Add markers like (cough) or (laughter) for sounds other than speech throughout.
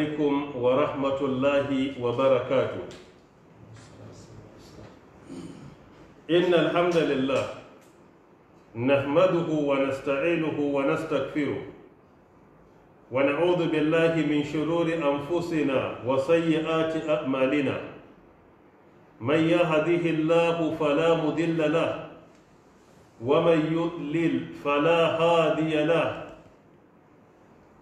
عليكم ورحمة الله وبركاته إن الحمد لله نحمده ونستعينه ونستغفره ونعوذ بالله من شرور أنفسنا وسيئات أعمالنا من يهده الله فلا مضل له ومن يضلل فلا هادي له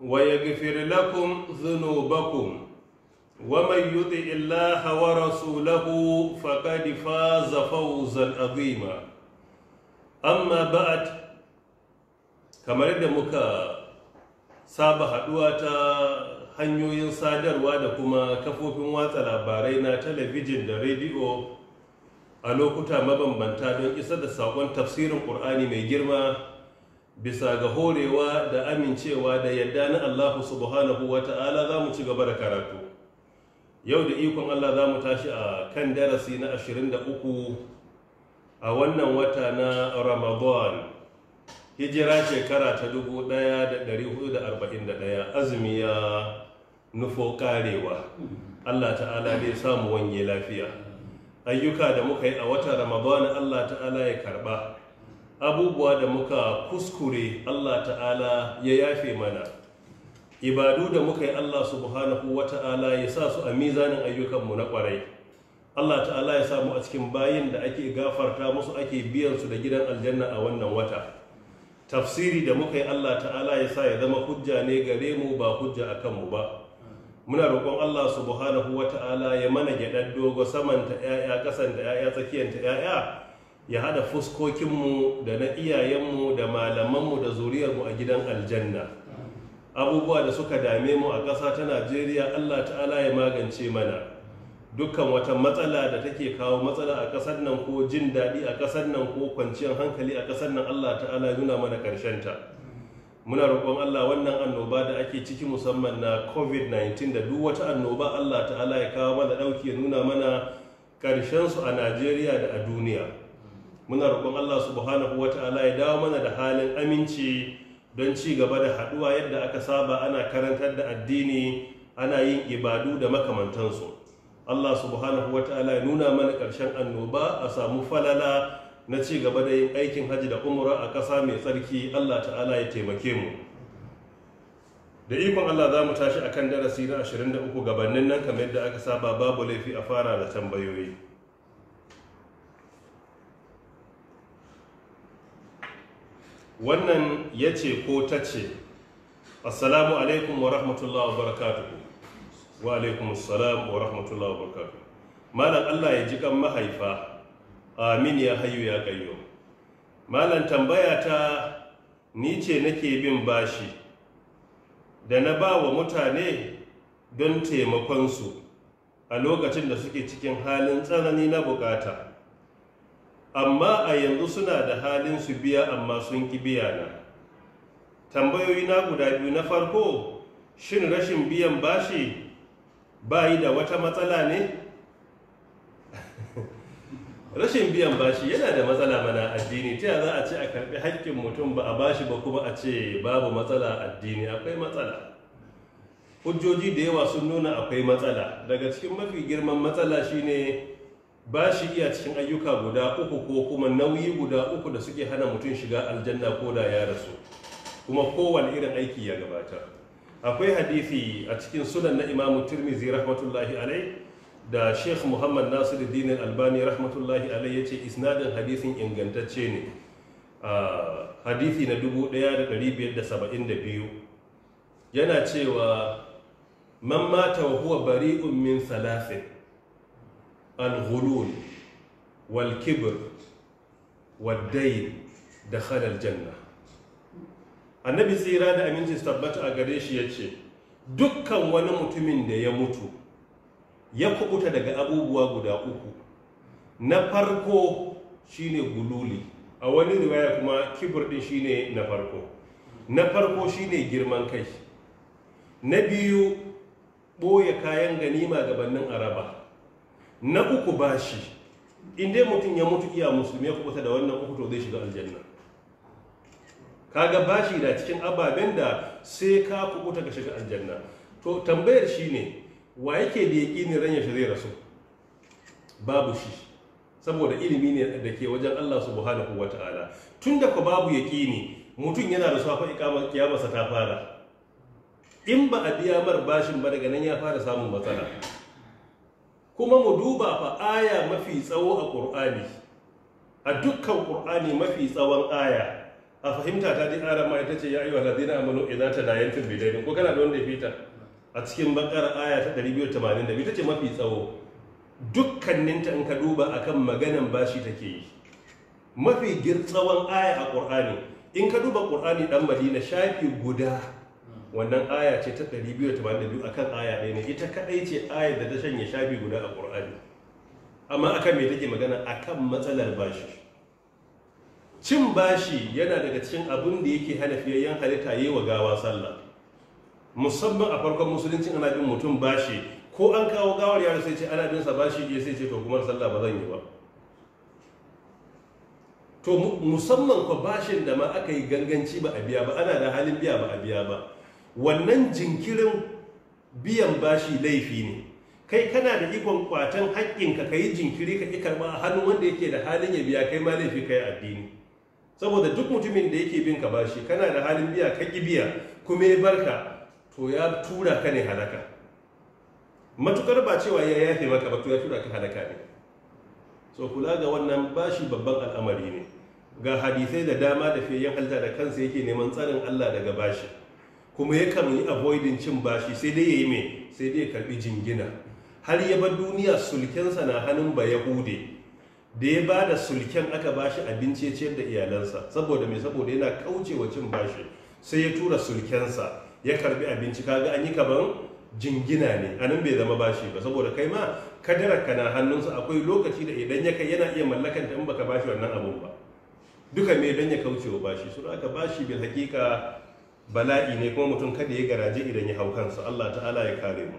ويغفر لكم ذنوبكم ومن يطع الله ورسوله فقد فاز فوزا عظيما amma بعد kamar da muka saba haɗuwa ta hanyoyin sadarwa da kuma kafofin watsa labarai na talabijin da rediyo a lokuta mabambanta don isa da sakon tafsirin ƙur'ani mai girma bisa ga horewa da amincewa da yadda na Allah subhanahu wa ta'ala za mu ci gaba da karatu yau da ikon Allah za mu tashi a kan darasi na 23 a wannan wata na ramadan hijira shekara ta 1441 azumi ya nufo karewa Allah ta'ala dai samu wanye lafiya ayyuka da muka yi a watan ramadan Allah ta'ala ya karba abubuwa da muka kuskure Allah ta'ala ya yafe mana ibadu da muka yi Allah subhanahu wa ta'ala ya sa su a mizanin ayyukanmu na kwarai Allah ta'ala ya samu a cikin bayin da ake gafarta musu ake biyan su da gidan aljanna a wannan wata tafsiri da muka yi Allah ta'ala ya sa ya zama hujja ne gare mu ba hujja a kanmu ba muna roƙon Allah subhanahu wa ta'ala ya mana gyaɗar dogo samanta 'ya'ya ƙasanta 'ya'ya tsakiyanta 'ya'ya ya hada fuskokinmu da na iyayenmu da malamanmu da zuriyarmu a gidan aljanna abubuwa da suka dame mu a ƙasa ta najeriya allah ta'ala ya magance mana dukkan wata matsala da take kawo matsala a ƙasar nan ko jin daɗi a ƙasar nan ko kwanciyar hankali a ƙasar nan allah ta'ala nuna mana ta. muna roƙon allah wannan annoba da ake ciki musamman na covid-19 da duk wata annoba allah ta'ala ya kawo mana ɗauki ya nuna mana ƙarshensu a najeriya da a duniya muna roƙon Allah subhanahu ta'ala ya dawo mana da halin aminci don ci gaba da haɗuwa yadda aka saba ana karantar da addini ana yin ibadu da makamantansu Allah subhanahu ta'ala ya nuna mana ƙarshen annoba a samu falala na ci gaba da yin aikin hajji da umra a ƙasa mai tsarki Allah ta'ala ya taimake mu da ikon Allah za mu tashi akan darasi na 23 gabanin nan kamar yadda aka saba babu laifi a fara da tambayoyi wannan ya ce ko ta ce assalamu alaikum wa rahmatullahi wa barakatuhu wa alaikum assalam wa rahmatullahi wa barakatuhu malam Allah ya ji kan mahaifa amin ya hayu ya kayyo malam tambaya ta ni ce nake bin bashi da na ba wa mutane don taimakonsu a lokacin da suke cikin halin tsanani na bukata amma a yanzu suna da halin su biya amma sun ki biya na tambayoyi na guda biyu na farko shin rashin biyan bashi bayi da wata matsala ne (laughs) rashin biyan bashi yana da matsala mana addini ta za a ce a karbi haƙƙin mutum ba a bashi ba kuma a ce babu matsala addini akwai matsala hujjoji da yawa sun nuna akwai matsala daga cikin mafi girman matsala shine ba shi iya cikin ayyuka guda uku ko kuma nauyi guda uku da suke hana mutum shiga aljanna ko da ya rasu kuma kowane irin aiki ya gabata akwai hadisi a cikin sunan na imamu tirmizi rahmatullahi alai da sheikh muhammad Nasiru, dinin albani rahmatullahi alai ya ce isnadin hadisin ingantacce ne a hadisi na 1572 yana cewa man mata wa huwa bari'un min salasin الغلول والكبر والدين دخل الجنة annabi tsira da aminci su tabbata a gare shi ya ce dukkan wani mutumin da ya mutu ya kuɓuta daga abubuwa guda uku na farko shine gululi a wani riwaya kuma kibir din shine na farko na farko shine girman kai na biyu ɓoye kayan ganima gabanin araba na uku bashi in dai mutum ya mutu iya musulmi ya kubuta da wannan uku to zai shiga aljanna kaga bashi da cikin ababen da sai ka kubuta ka shiga aljanna to tambayar shi ne, wa yake da ne ran shi zai rasu babu shi saboda ilimi ne da ke wajen Allah subhanahu Ta'ala. tun da ku babu yaƙini mutum yana da safa ikama kiyamarsa ta fara in ba a biya mar bashin ba daga nan ya fara samun matsala kuma mu duba fa aya mafi tsawo a ƙur'ani a dukkan ƙur'ani mafi tsawon aya a fahimta ta din arama ita ce ya ayyuhal ladina amanu idza tadayantum bidaynin ko kana da wanda ya fita a cikin bakara aya ta 282 ita ce mafi tsawo Dukkanninta in ka duba akan maganan bashi take yi mafi tsawon aya a ƙur'ani in ka duba ƙur'ani dan madina shafi guda wannan aya ce ta 282 akan aya ɗaya ne ita kaɗai ce ayar da ta shanye shafi guda a ƙur'ani amma akan me take magana akan matsalar bashi cin bashi yana daga cikin abin da yake hana fiyayyen halitta yi wa gawa sallah musamman a farkon musulunci ana bin mutum bashi ko an kawo gawar yaro sai ce ana bin sa bashi ya sai ce to kuma sallah ba zan yi ba to musamman kwa bashin da ma aka yi ganganci ba a biya ba ana da halin biya ba a biya ba wannan jinkirin biyan bashi laifi ne kai kana da ikon kwatan haƙƙinka ka yi jinkiri ka ƙi karɓa a hannun wanda yake da halin ya biya kai ma laifi ka yi addini saboda duk mutumin da yake bin ka bashi kana da halin biya ka ƙi biya kuma ya barka to ya tura ka ne halaka matukar ba cewa ya yafe maka ba to ya tura ka halaka ne so kula ga wannan bashi babban al'amari ne ga hadisai da dama da fiye fiyayyen halitta da kansa yake neman tsarin Allah daga bashi kuma ya yakan yi avoidin cin bashi sai dai ya yi mai sai dai ya karbi jingina har ya bar duniya sulkensa na hannun ba yahude da ya ba da sulken aka bashi abinci ya ciyar da iyalansa saboda mai saboda yana kaucewa cin bashi sai ya tura sulkensa ya karbi abinci kaga an yi kaman jingina ne anan bai zama bashi ba saboda kai ma kadararka na hannunsa akwai lokaci da idan ya kai yana iya mallakanta in baka bashi wannan abun ba duka mai don ya kaucewa bashi sun aka bashi bil hakika bala'i ne kuma mutum kada ya garaje idan ya hau kansa Allah ta'ala ya kare mu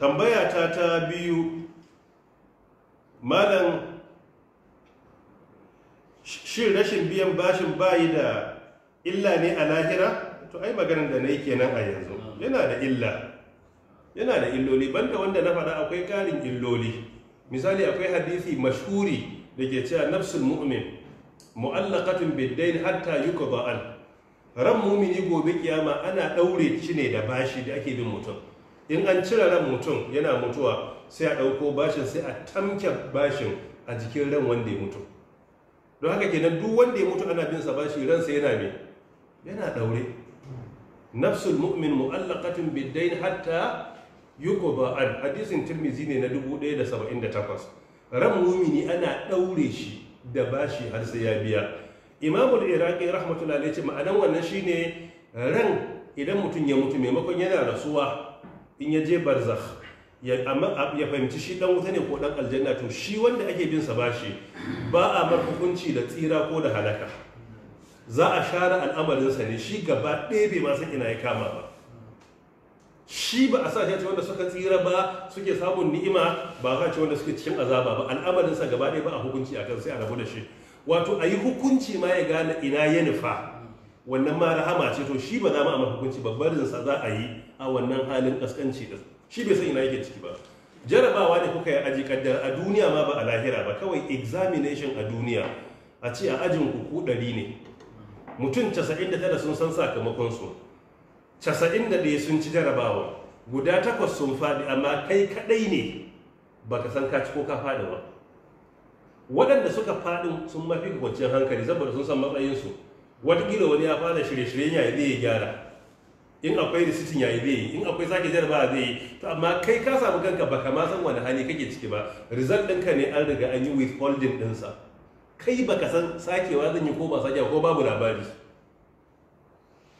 tambaya ta ta biyu malam shin rashin biyan bashin bayi da illa ne a lahira to ai maganar da na yi kenan a yanzu yana da illa yana da illoli banda wanda na faɗa akwai ƙarin illoli misali akwai hadisi mashuri da ke cewa nafsul mu'min mu'allaqatun bid-dayn hatta yuqda ran mumini gobe kiyama ana daure shi ne da bashi da ake bin mutum in an cire ran mutum yana mutuwa sai a dauko bashin sai a tamke bashin a jikin ran wanda ya mutu don haka kenan duk wanda ya mutu ana bin sa bashi ransa yana me yana daure nafsul mu'min mu'allaqatun biddain hatta yuqba al hadisin tirmizi ne na 1078 ran mumini ana daure shi da bashi har sai ya biya imamul iraki rahmatullahi ya ce ma'anan wannan shine ran idan mutum ya mutu maimakon yana rasuwa in ya je barzakh ya fahimci shi dan wuta ne ko dan aljanna to shi wanda ake bin sa bashi ba a mar hukunci da tsira ko da halaka za a share sa ne shi gaba ɗaya bai ma san ina ya kama ba shi ba a sa ce wanda suka tsira ba suke samun ni'ima ba ka ce wanda suke cikin azaba ba Al'amarin sa gaba ɗaya ba a hukunci akan sai a rabu da shi wato a yi hukunci ma ya gane ina ya nufa wannan ma rahama ce to shi ba za mu amma hukunci babbar zasa za a yi a wannan halin kaskanci da shi bai san ina yake ciki ba jarabawa ne kuka yi aji kaddar a duniya ma ba a lahira ba kawai examination a duniya a ce a ajin kuku ɗari ne mutum 99 sun san sakamakonsu 91 sun ci jarabawa guda takwas sun faɗi amma kai kaɗai ne baka san ka ci ko ka faɗi ba waɗanda suka faɗin sun mafi kwanciyar hankali saboda sun san matsayinsu watakila wani ya fara shirye-shiryen ya zai gyara in akwai risitin ya zai yi in akwai sake jarabawa zai yi to amma kai ka samu kanka baka ma san wani hali kake ciki ba result ɗinka ne an riga an yi withholding ɗinsa kai baka san sakewa zan yi ko ba sakewa ko babu labari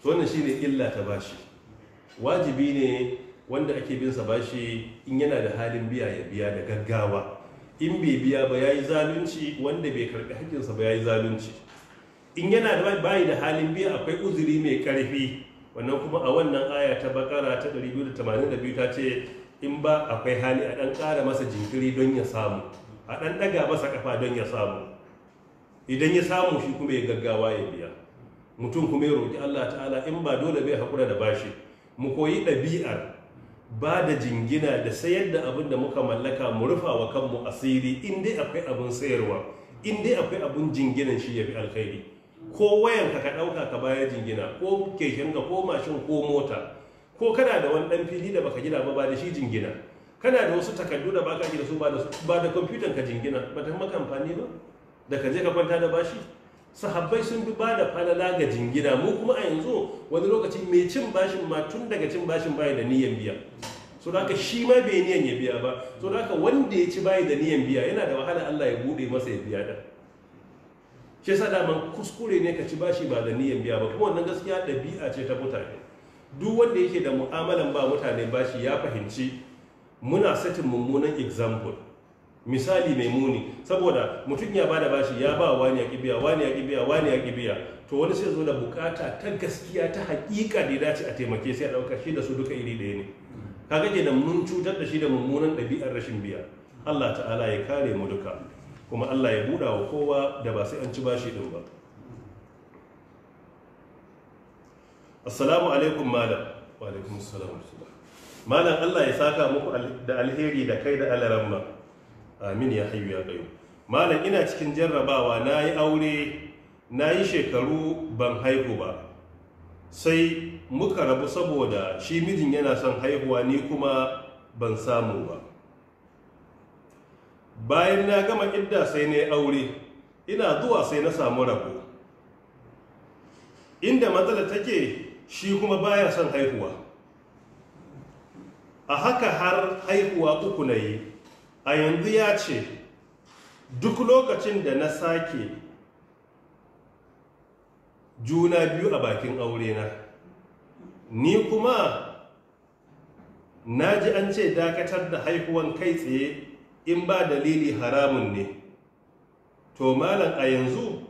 to wannan shine illa ta bashi wajibi ne wanda ake bin sa bashi in yana da halin biya ya biya da gaggawa in bibiya ba ya yi zalunci wanda bai karbi hakinsa ba ya yi zalunci in yana da bayi da halin biya akwai uzuri mai karfi wannan kuma a wannan aya ta bakara ta 282 ta ce in ba akwai hali a ɗan ƙara masa jinkiri don ya samu a dan daga masa kafa don ya samu idan ya samu shi kuma ya gaggawa ya biya mutum kuma ya roƙi Allah ta'ala in ba dole bai haƙura da bashi mu koyi ɗabi'ar ba da jingina da sayar da abin da muka mallaka mu rufa wa kanmu asiri in dai akwai abin sayarwa in dai akwai abin jinginan shi ya fi alkhairi ko wayan ka ɗauka ka bayar jingina ko keken ka ko mashin ko mota ko kana da wani ɗan fili da baka gina ba ba da shi jingina kana da wasu takardu da baka gina su ba da kwamfutan ka jingina ba ta maka amfani ba da ka je ka kwanta da bashi sahabbai sun bi ba da falala ga jingina mu kuma a yanzu wani lokaci mai cin bashin ma tun daga cin bashin bayi da niyan biya so da haka shi ma bai niyan ya biya ba so da haka wanda ya ci bayi da niyan biya yana da wahala Allah ya bude masa ya biya da shi yasa daman kuskure ne ka ci bashi ba da niyan biya ba kuma wannan gaskiya ɗabi'a ce ta mutane duk wanda yake da mu'amalan ba mutane bashi ya fahimci muna setin mummunan example misali mai muni saboda mutum ya bada bashi ya ba wani ya kibiya wani ya kibiya wani ya kibiya to wani sai zo da bukata ta gaskiya ta hakika da ya dace a taimake sai a dauka shi da su duka iri ɗaya ne kaga ke da mun cutar da shi da mummunan ɗabi'ar rashin biya Allah ta'ala ya kare mu duka kuma Allah ya buɗa wa kowa da ba sai an ci bashi din ba assalamu alaikum malam wa alaikum assalam malam Allah ya saka muku da alheri da kai da alaramma amin ya hayu ya kayo malam ina cikin jarrabawa na yi aure na yi shekaru ban haihu ba sai muka rabu saboda shi mijin yana son haihuwa ni kuma ban samu ba bayan na gama idda sai na aure ina zuwa sai na samu rabu inda matsala take shi kuma baya son haihuwa a haka har haihuwa uku na yi a yanzu ya ce duk lokacin da na sake juna biyu a bakin aure na ni kuma na ji an ce dakatar da haihuwan kai tsaye in ba dalili haramun ne to malam a yanzu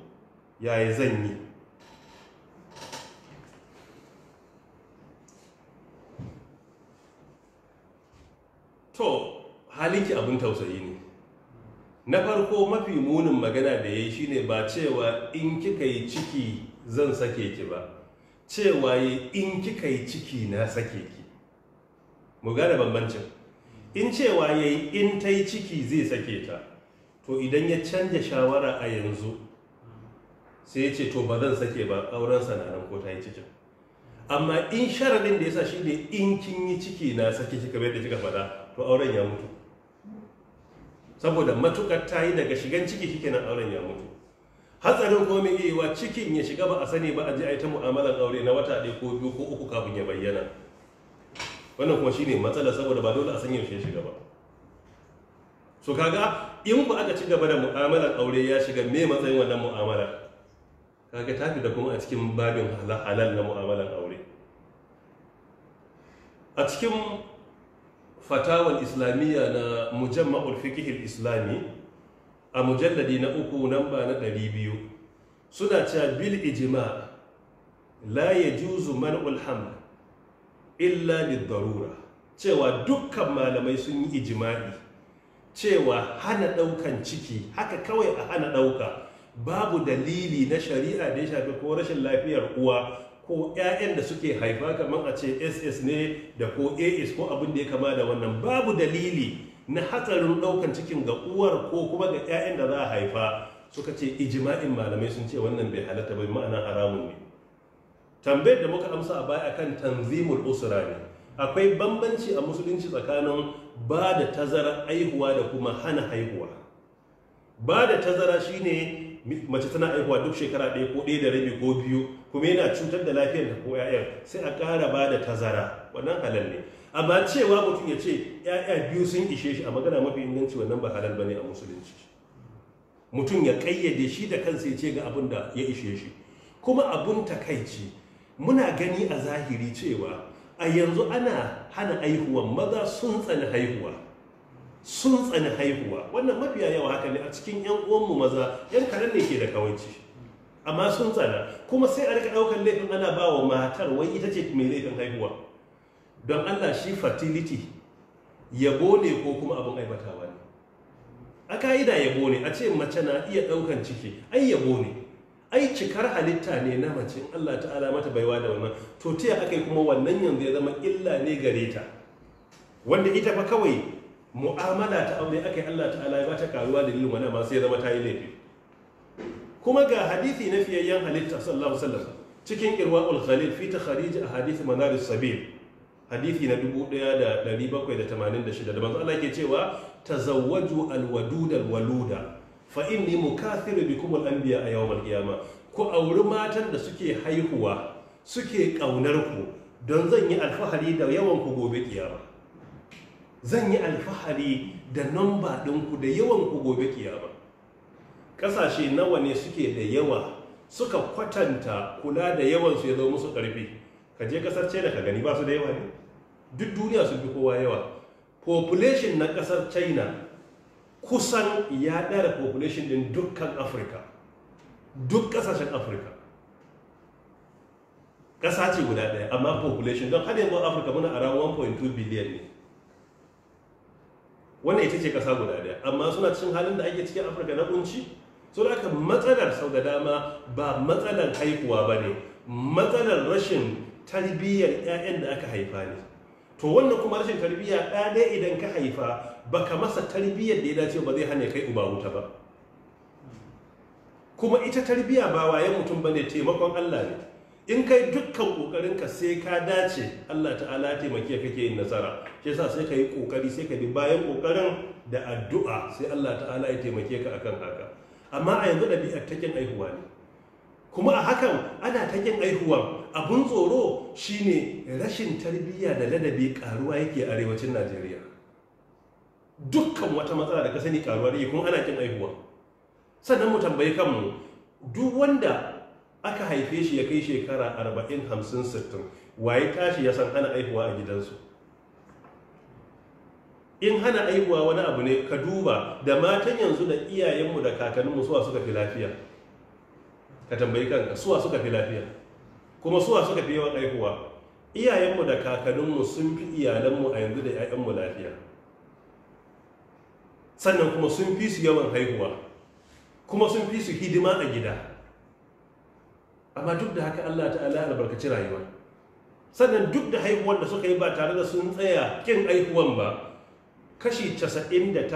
yaya zan yi abin tausayi ne na farko mafi munin magana da ya yi shine ba cewa in kika yi ciki zan sake ki ba cewa yi in kika yi ciki na sake ki mu gane bambancin in cewa ya yi in ta yi ciki zai sake ta to idan ya canja shawara a yanzu sai ya ce to ba zan sake ba auren sananan ko ta yi cikin amma in sharaɗin da ya sa shi ne in kin yi ciki na sake kika bayar da kika faɗa to auren ya mutu saboda matukar ta yi daga shigan ciki kenan auren ya mutu hatsarin kuma mai cikin ya shiga ba a sani ba a ji a yi ta mu'amalar aure na wata ɗaya ko biyu ko uku kafin ya bayyana wannan kuma shine matsala saboda ba dole a san yaushe shiga ba so kaga in ba aka ci gaba da mu'amalar aure ya shiga me matsayin wannan mu'amalar kaga tafi da kuma a cikin babin halal na mu'amalar aure a cikin fatawar islamiyya na mujamma'ul fikihil islami a mujalladi na uku nan ba na ɗari biyu suna cewa bil ijima la ya juzu man'ul hamd illa darura cewa dukkan malamai sun yi ijima'i cewa hana ɗaukan ciki haka kawai a hana ɗauka babu dalili na shari'a da ya shafi ko rashin lafiyar uwa ko 'ya'yan da suke haifa kamar a ce ss ne da ko as ko abin da ya kama da wannan babu dalili na hatsarin ɗaukan cikin ga uwar ko kuma ga 'ya'yan da za a haifa suka ce ijima'in malamai sun ce wannan bai halatta bai ma'ana haramun ne tambayar da muka amsa a baya kan tanzimul usra ne akwai bambanci a musulunci tsakanin ba da tazara haihuwa da kuma hana haihuwa ba da tazara shine mace tana haihuwa duk shekara ɗaya ko ɗaya da rabi ko biyu kuma yana cutar da lafiyar ta ko 'ya'yan sai a ƙara ba da tazara wannan halal ne amma cewa mutum ya ce 'ya'ya biyu sun ishe shi a magana mafi inganci wannan ba halal bane a musulunci mutum ya ƙayyade shi da kansa ya ce ga abin da ya ishe shi kuma abun takaici muna gani a zahiri cewa a yanzu ana hana haihuwa maza sun tsani haihuwa sun tsani haihuwa wannan mafiya yawa haka ne a cikin yan uwanmu maza yan kanan ne ke da kawanci amma sun tsana kuma sai a rika ɗaukar laifin ana ba wa matar wai ita ce mai laifin haihuwa don allah shi fertility yabo ne ko kuma abin aibatawa ne a ka'ida yabo ne a ce mace na iya ɗaukan ciki ai yabo ne ai cikar halitta ne na mace in allah ta'ala mata baiwa da wannan to ta aka kuma wannan yanzu ya zama illa ne gare ta wanda ita fa kawai mu'amala ta aure aka yi Allah ta'ala ya bata karuwa dalilin wani ma sai zama ta yi laifi kuma ga hadithi na fiyayyen halitta sallallahu alaihi cikin irwa'ul khalil fi takharij ahadith manar sabil hadithi na 1786 da manzo Allah ke cewa tazawwaju alwadud alwaluda fa inni mukathiru bikum biya a yawmal qiyamah ku auri matan da suke haihuwa suke kaunar ku don zan yi alfahari da yawan ku gobe kiyama zan yi alfahari da namba ɗinku da yawan ku gobe kiyama ƙasashe nawa ne suke da yawa suka kwatanta kula da yawansu ya zo musu ƙarfi ka je ƙasar china ka gani ba su da yawa ne duk duniya sun fi kowa yawa population na ƙasar china kusan ya ɗara population ɗin dukkan afirka duk ƙasashen afirka ƙasa ce guda ɗaya amma population don har yanzu afirka muna a 1.2 billion ne wannan ita ce kasa guda ɗaya amma suna cikin halin da ake cikin afirka na kunci so da aka matsalar sau da dama ba matsalar haihuwa ba ne matsalar rashin tarbiyyar 'ya'yan da aka haifa ne to wannan kuma rashin tarbiyya ɗaya idan ka haifa baka masa tarbiyyar da ya dace ba zai hana kai uba wuta ba kuma ita tarbiyya ba wayan mutum ba ne taimakon Allah ne in kai dukkan kokarinka sai ka dace Allah ta'ala taimake kake yin nasara shi yasa sai ka yi kokari sai ka bi bayan kokarin da addu'a sai Allah ta'ala ya taimake ka akan haka amma a yanzu ta kin aihuwa ne kuma a hakan ana takin aihuwa abun tsoro shine rashin tarbiyya da ladabi karuwa yake arewacin Najeriya dukkan wata matsala da ka sani karuwa ne kuma ana kin aihuwa sannan mu tambayi kanmu duk wanda aka haife shi ya kai shekara arba'in hamsin sittin waye tashi ya san hana aihuwa a gidansu in hana aihuwa wani abu ne ka duba da matan yanzu da iyayenmu da kakanninmu suwa suka fi lafiya ka tambayi kanka suwa suka fi lafiya kuma suwa suka fi yawan aihuwa iyayenmu da kakanninmu sun fi iyalanmu a yanzu da 'ya'yanmu lafiya sannan kuma sun fi su yawan haihuwa kuma sun fi su hidima a gida amma duk da haka Allah ta'ala albarkaci rayuwa sannan duk da haihuwar da suka yi ba tare da sun tsaya kin haihuwan ba kashi 99.9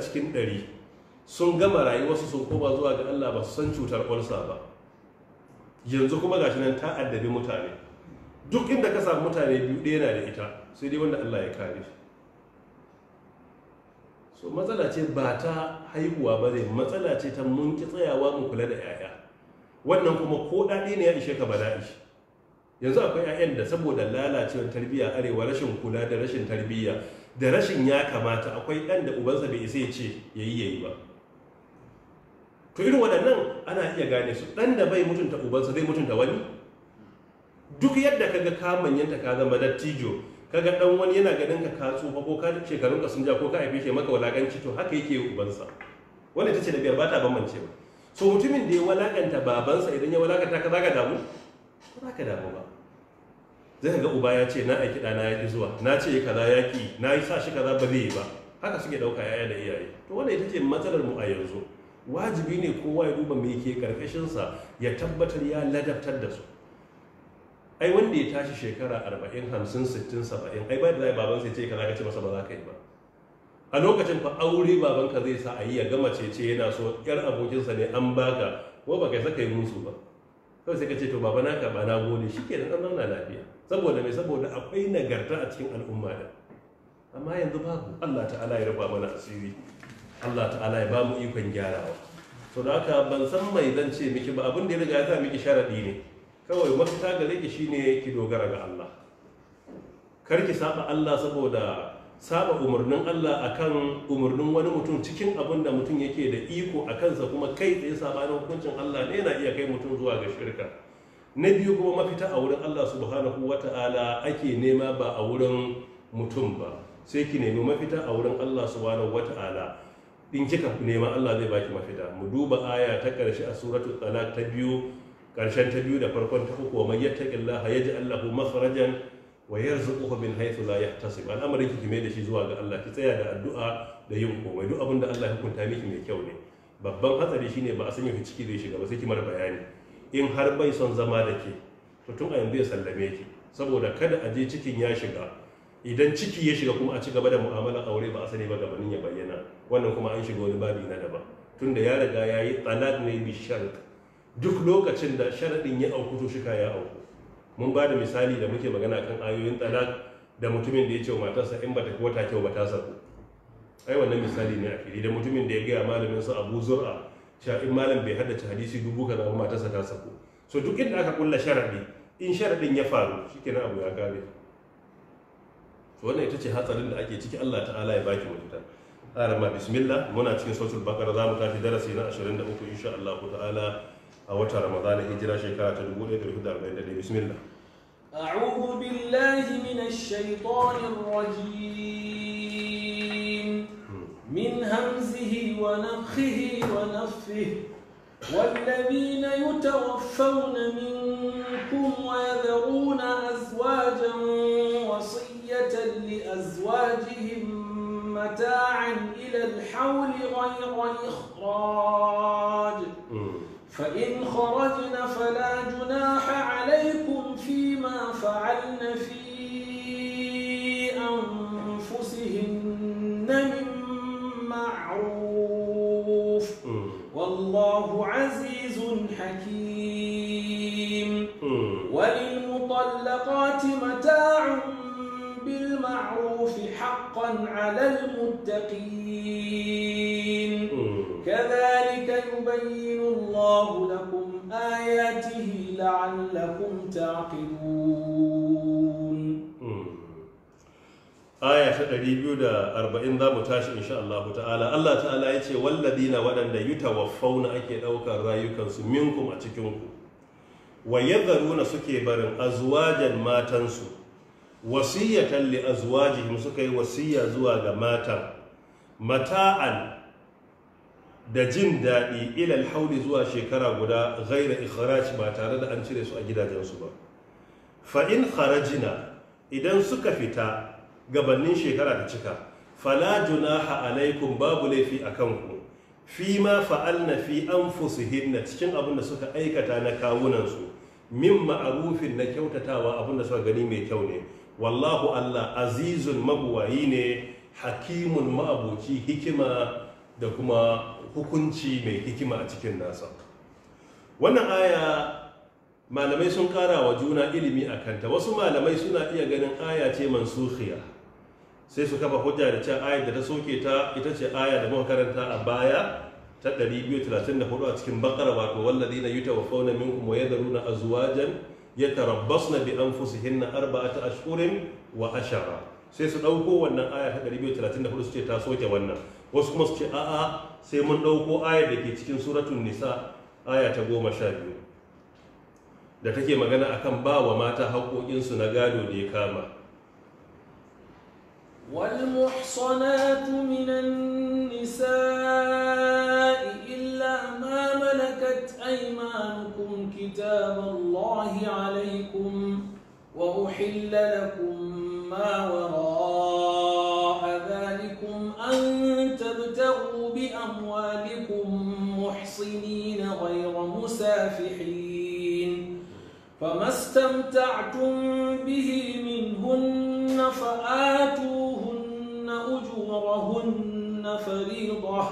cikin 100 sun gama rayuwarsu sun koma zuwa ga Allah ba su san cutar ulsa ba yanzu kuma gashi nan ta addabi mutane duk inda ka samu mutane biyu ɗaya na da ita sai dai wanda Allah ya kare so matsala ce ba ta haihuwa ba ne matsala ce ta mun tsayawa mu kula da 'ya'ya wannan kuma ko daɗi ne ya ishe ka bala'i yanzu akwai 'ya'yan da saboda lalacewar tarbiyya arewa rashin kula da rashin tarbiyya da rashin ya kamata akwai ɗan da ubansa bai isa ya ce ya yi ya yi ba to irin waɗannan ana iya gane su ɗan da bai mutunta ubansa zai mutunta wani duk yadda kaga ka manyanta ka zama dattijo kaga ɗan wani yana ganin ka ka tsufa ko ka shekarun ka sun ja ko ka haife shi maka wulakanci to haka yake ubansa wannan ita ce da biyar ba ta bambance ba so mutumin da ya walakanta babansa idan ya walakanta ka zaka damu ba ka damu ba zai ga uba ya ce na aiki ɗana ya ki zuwa na ce kaza ya ki na yi sa shi kaza ba zai yi ba haka suke ɗauka yaya da iyaye to wannan ita ce matsalar mu a yanzu wajibi ne kowa ya duba me ke karkashinsa ya tabbatar ya ladabtar da su ai wanda ya tashi shekara 40 50 60 70 ai ba da zai babansa ya ce kaza ka ce masa ba za ka yi ba a lokacin fa aure babanka zai sa a yi ya gama cece yana so yar abokinsa ne an baka ko ba kai saka yi musu ba kawai sai ka ce to baba na ka ba gode shi ke an zauna lafiya saboda mai saboda akwai nagarta a cikin al'umma da amma yanzu babu Allah ta'ala ya raba mana asiri Allah ta'ala ya ba ikon gyarawa to da haka ban san mai zan ce miki ba abin da ya riga ya sa miki sharadi ne kawai mafita gare ki ne ki dogara ga Allah kar ki saba Allah saboda saba umarnin Allah akan umarnin wani mutum cikin abin da mutum yake da iko a kansa kuma kai tsaye sabanin hukuncin Allah ne yana iya kai mutum zuwa ga shirka na biyu kuma mafita a wurin Allah subhanahu ta'ala ake nema ba a wurin mutum ba sai ki nemi mafita a wurin Allah subhanahu ta'ala. in kika nema Allah zai baki mafita mu duba aya ta karshe a suratul talaq ta biyu ƙarshen ta biyu da farkon ta uku wa man ya yaj'al lahu mafarajan. wa yarzuquhu min haythu la yahtasib al'amarin ki kime da shi zuwa ga Allah ki tsaya da addu'a da yin komai duk abin da Allah ya hukunta miki mai kyau ne babban hatsari shine ba a san yaushe ciki zai shiga ba sai ki mara bayani in har bai son zama da ke to tun a yanzu ya sallame ki saboda kada a je cikin ya shiga idan ciki ya shiga kuma a ci gaba da mu'amalar aure ba a sani ba gabanin ya bayyana wannan kuma an shiga wani babi na daban tunda ya riga ya yi talak ne bi duk lokacin da sharadin ya auku to shika ya auku mun ba da misali da muke magana kan ayoyin talak da mutumin da ya ce matarsa in ba ta ta kyau ba ta sarku ai wannan misali ne a fili da mutumin da ya gaya malamin su abu zur'a sha'in malam bai haddace hadisi dubu ka zama matarsa ta sarku so duk inda aka kulla sharaɗi in sharaɗin ya faru shikenan abu ya gabe wannan ita ce hatsarin da ake ciki Allah ta'ala ya baki mafita ƙara ma bismillah muna cikin sautul bakar za mu tafi darasi na 23 insha Allah ta'ala a watan ramadana hijira shekara ta 1441 أعوذ بالله من الشيطان الرجيم من همزه ونفخه ونفه والذين يتوفون منكم ويذرون أزواجا وصية لأزواجهم متاعا إلى الحول غير إخراج فإن خرجنا فلا جناح عليكم فيما فعلن فيه 240 za mu tashi insha Allah ta'ala Allah ta'ala ya ce walladina waɗanda yutawaffauna ake ɗaukar rayukansu minkum a cikinku wa yadharuna suke barin azwajan matansu wasiyatan li azwajihim suka yi wasiya zuwa ga mata mata'an da jin daɗi ilal hauli zuwa shekara guda gaira ikhraj ba tare da an cire su a gidajensu ba fa in kharajina idan suka fita Gabannin shekara ta cika fala junaha alaikum babu laifi a kanku fi ma fa'alna fi anfusihinna cikin abin da suka aikata na kawunansu min ma'arufin na kyautatawa abin da suka gani mai kyau ne wallahu Allah azizun maguwayi ne hakimun ma'aboki hikima da kuma hukunci mai hikima a cikin nasa wannan aya malamai sun kara wa juna ilimi a kanta wasu malamai suna iya ganin aya ce mansukhiya sai su kafa hujja da cewa ayar da ta soke ta ita ce aya da muka karanta a baya ta 234 a cikin bakara wato walladina na minkum wa yadharuna azwajan yatarabbasna bi anfusihinna arba'ata ashhurin wa ashara sai su dauko wannan aya ta 234 su ce ta soke wannan wasu kuma su ce a'a sai mun dauko aya da ke cikin suratun nisa aya ta goma sha biyu da take magana akan ba wa mata haƙoƙinsu na gado da ya kama والمحصنات من النساء إلا ما ملكت أيمانكم كتاب الله عليكم وأحل لكم ما وراء ذلكم أن تبتغوا بأموالكم محصنين غير مسافحين فما استمتعتم به منهن فآتوا أجورهن فريضة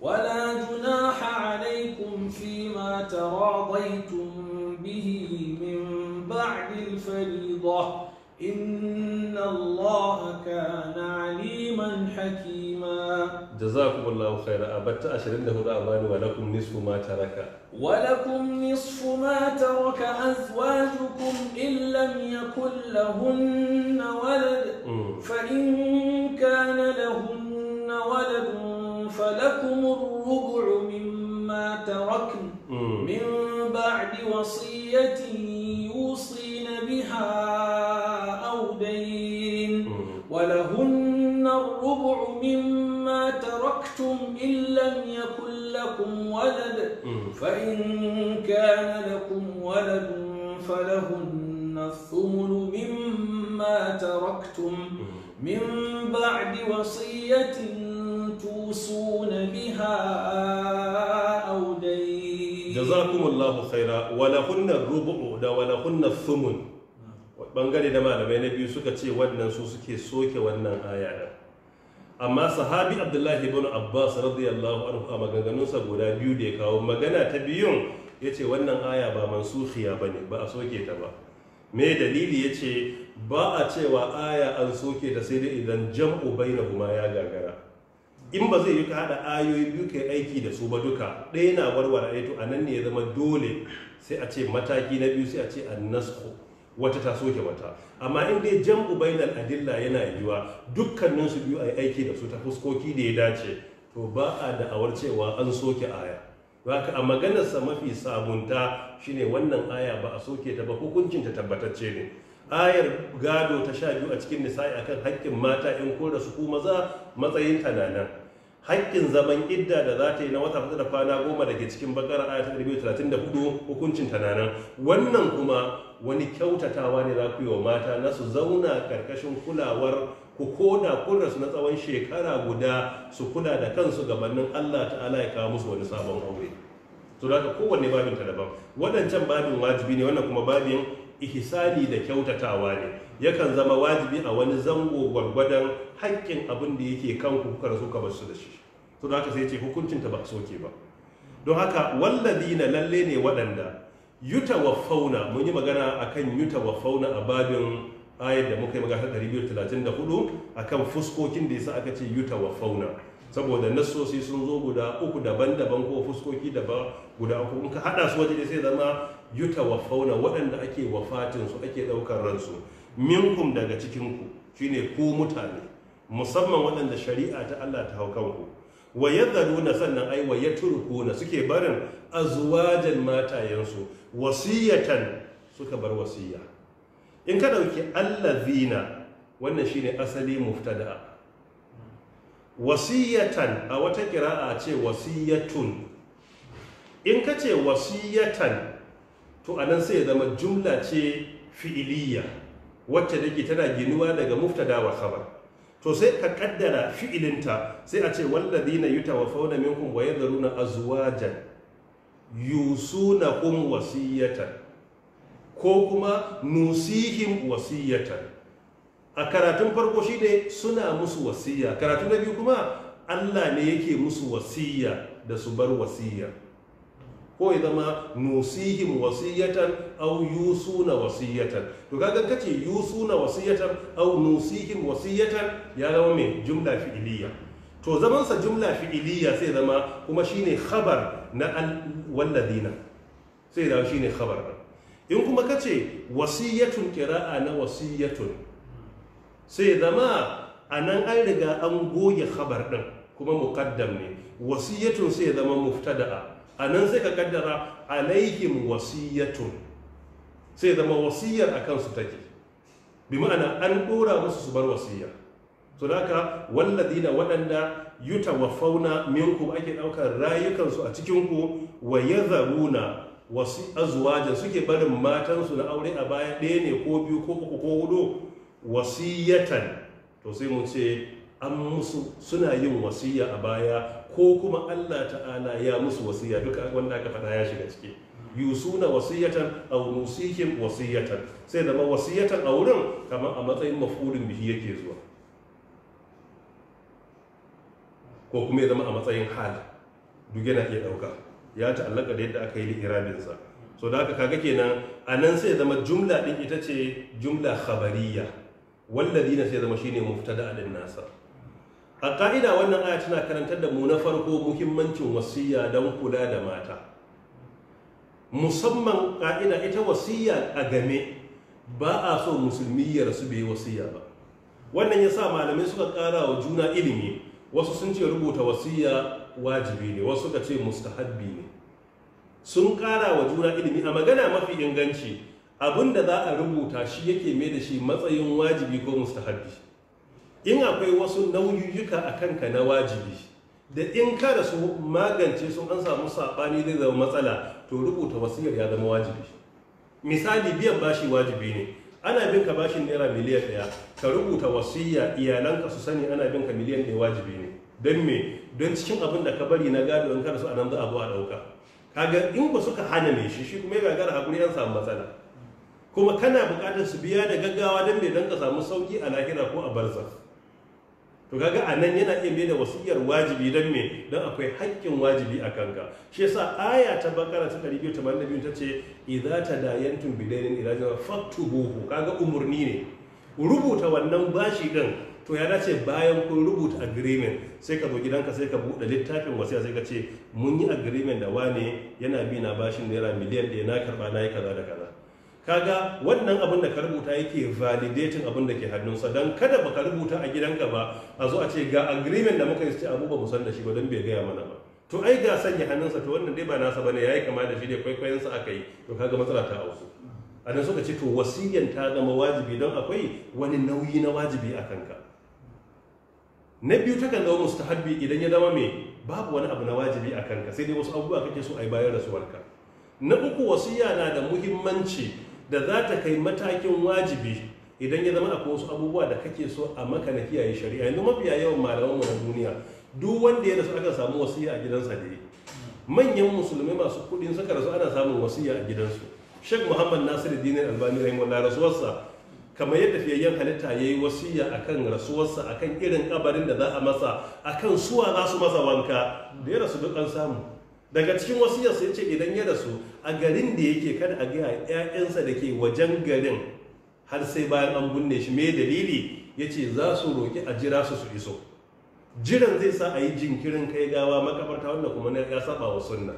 ولا جناح عليكم فيما تراضيتم به من بعد الفريضة إن الله كان عليما حكيما jazakumullahu khaira a batta 24 a bani walakum nisfu ma taraka walakum nisfu ma taraka azwajukum in lam yakul lahunna walad fa in kana lahunna walad falakum ar-rubu' mimma tarakna min ba'di wasiyatin biha إن لم يكن لكم ولد فإن كان لكم ولد فلهن الثمن مما تركتم من بعد وصية توصون بها أو دين جزاكم الله خيرا ولهن الربع da walahunna thumun bangare da malamai na biyu suka ce wannan su suke soke wannan aya amma sahabi abdullahi ibn abbas radiyallahu anhu a maganganunsa guda biyu da ya kawo magana ta biyun yace wannan aya ba mansukhiya ba ne ba a soke ta ba me dalili yace ce ba a cewa aya an soke ta sai dai idan jam'u baina kuma ya gagara in ba zai yi ka haɗa ayoyi biyu kai aiki da su ba duka ɗaya na warware ɗaya to a nan ne ya zama dole sai a ce mataki na biyu sai a ce annasku wata ta soke wata amma in dai jam'u bainal adilla yana yiwa dukkanin su biyu ai aiki da su ta fuskoki da ya dace to ba a awar cewa an soke aya ka a maganarsa mafi sabunta shine wannan aya ba a soke ta ba hukuncin ta tabbatacce ne ayar gado ta sha biyu a cikin nisa'i akan haƙƙin mata in kora su ku maza matsayin tananan haƙƙin zaman idda da za ta yi na wata fata da kwana goma da ke cikin bakar aya ta 234 hukuncin tananan wannan kuma wani kyautatawa ne za ku yi wa mata na su zauna karkashin kulawar ku koda kun rasu na tsawon shekara guda su kula da kansu gabanin Allah ta'ala ya kawo musu wani sabon aure to da kowanne babin ta daban wadancan babin wajibi ne wannan kuma babin ihsani da kyautatawa ne yakan zama wajibi a wani zango gwargwadon haƙƙin abin da yake kan ku kuka rasu ka bar su da shi to da haka sai ce hukuncin ta ba soke ba don haka walladina lalle ne waɗanda Yuta wa fauna mun yi magana akan fauna a babin ayar da muka yi magana 234 akan fuskokin da yasa aka ce fauna saboda nassosi sun zo guda uku daban-daban ko fuskoki daban guda uku in ka hada su waje sai zama yuta wa fauna waɗanda ake wafatin su ake ɗaukar ransu minkum daga cikin ku shine ku mutane musamman waɗanda shari'a ta Allah ta hau kanku wa yadhaluna sannan ai wa na suke barin azwajan matayensu wasiyatan suka bar wasiya in ka dauki allazina wannan shine asali muftada wasiyatan a wata kira'a ce wasiyatun in ka ce wasiyatan to anan sai zama jumla ce fi'iliya wacce take tana ginuwa daga muftada wa khabar to sai ka kaddara fi'ilinta sai a ce walladina yutawaffawna minkum wa yadharuna azwajan kun wasiyatan ko kuma nusihim wasiyatan a karatun farko shi ne suna musu wasiya karatun na biyu kuma Allah ne yake musu wasiya da su bar wasiya ko ya zama nusihim wasiyatan au yusuna wasiyatan to kaga kace yusuna wasiyatan au nusihim wasiyatan ya zama mai jumla fi'iliya to zaman sa jumla fi'iliya sai zama kuma shine khabar na al walladina sai da shine khabar in kuma kace wasiyatun qira'a na wasiyatun sai zama anan an riga an goge khabar din kuma muqaddam ne wasiyatun sai zama muftada'a a nan sai ka kaddara alaihim wasiyatun sai zama wasiyar a kansu take bi ma'ana an ɗora musu su bar wasiya to da haka da waɗanda yuta wa fauna minku ake ɗaukar rayukansu a cikinku wa yazaruna wasu azuwajen suke barin matansu na aure a baya ɗaya ne ko biyu ko uku ko hudu wasiyatan to sai mu ce an musu suna yin wasiya a baya ko kuma Allah ta'ala ya musu wasiya duka wanda aka faɗa ya shiga ciki yusuna wasiyatan aw nusihim wasiyatan sai zama wasiyatan a wurin kamar a matsayin maf'ulin bihi yake zuwa ko kuma ya zama a matsayin hal duk yana iya dauka ya ta'allaka da yadda aka yi iradinsa so da haka kaga kenan A nan sai zama jumla din ita ce jumla khabariya walladina sai zama shine mubtada din nasa a ƙa'ida wannan aya tana karantar da mu na farko muhimmancin wasiya don kula da mata musamman ƙa'ida ita wasiya a game ba a so musulmi ya rasu bai wasiya ba wannan ya sa malamai suka ƙara wa juna ilimi wasu sun ce rubuta wasiya wajibi ne wasu suka ce mustahabbi ne sun ƙara wa juna ilimi a magana mafi inganci abinda za a rubuta shi yake mai da shi matsayin wajibi ko mustahabbi in akwai wasu nauyuyyuka a kanka na wajibi da in ka da su magance su an samu saɓani zai zama matsala to rubuta wasiyar ya zama wajibi misali biyan bashi wajibi ne ana bin ka bashin naira miliyan ɗaya ka rubuta wasiya iyalanka su sani ana bin ka miliyan ɗaya wajibi ne don me don cikin abin da ka bari na gado in ka da su a nan za a a ɗauka kaga in ba suka hana me shi shi kuma ya gagara hakuri an samu matsala kuma kana buƙatar su biya da gaggawa don me don ka samu sauki a lahira ko a barzakh to kaga a nan yana iya mai da wasiyar wajibi don me don akwai hakkin wajibi a kanka shi yasa aya ta bakara ta 282 ta ce idza tadayantum bidainin ila jama faktubuhu kaga umurni ne rubuta wannan bashi din to ya dace bayan kun rubuta agreement sai ka zo gidanka sai ka buɗe littafin wasiya sai ka ce mun yi agreement da wane yana bi na bashin naira miliyan ɗaya na karɓa na yi kaza da kaza kaga wannan abin da ka rubuta yake validating abin da ke hannunsa don kada ba ka rubuta a gidanka ba a zo a ce ga agreement da muka yi ce abu ba mu san da shi ba don bai gaya mana ba to ai ga sanya hannunsa to wannan dai ba nasa ya yayi kama da shi ne kwaikwayensa aka yi to kaga matsala ta auku a nan suka ce to wasiyyan ta zama wajibi don akwai wani nauyi na wajibi a kanka na biyu takan zama mustahabbi idan ya zama mai babu wani abu na wajibi a kanka sai dai wasu abubuwa kake so a yi bayan rasuwarka na uku wasiya na da muhimmanci da za ta kai matakin wajibi idan ya zama akwai wasu abubuwa da kake so a maka na kiyaye shari'a yanzu mafiya yawan malaman mu na duniya duk wanda ya rasu aka samu wasiya a gidansa da manyan musulmai masu kuɗin suka rasu ana samun wasiya a gidansu sheikh muhammad nasiru dinin albani rahimahullah rasuwarsa kamar yadda fiyayyen halitta ya yi wasiya akan rasuwarsa akan irin kabarin da za a masa akan suwa za su masa wanka da ya rasu duk an samu daga cikin wasu wasiyarsa ya ce idan ya rasu a garin da yake kada a gaya ‘ya'yansa da ke wajen garin har sai bayan an binne shi mai dalili ya ce za su roƙi a jira su su iso jiran zai sa a yi jinkirin kai gawa makabarta wanda kuma na ya saba wa sunna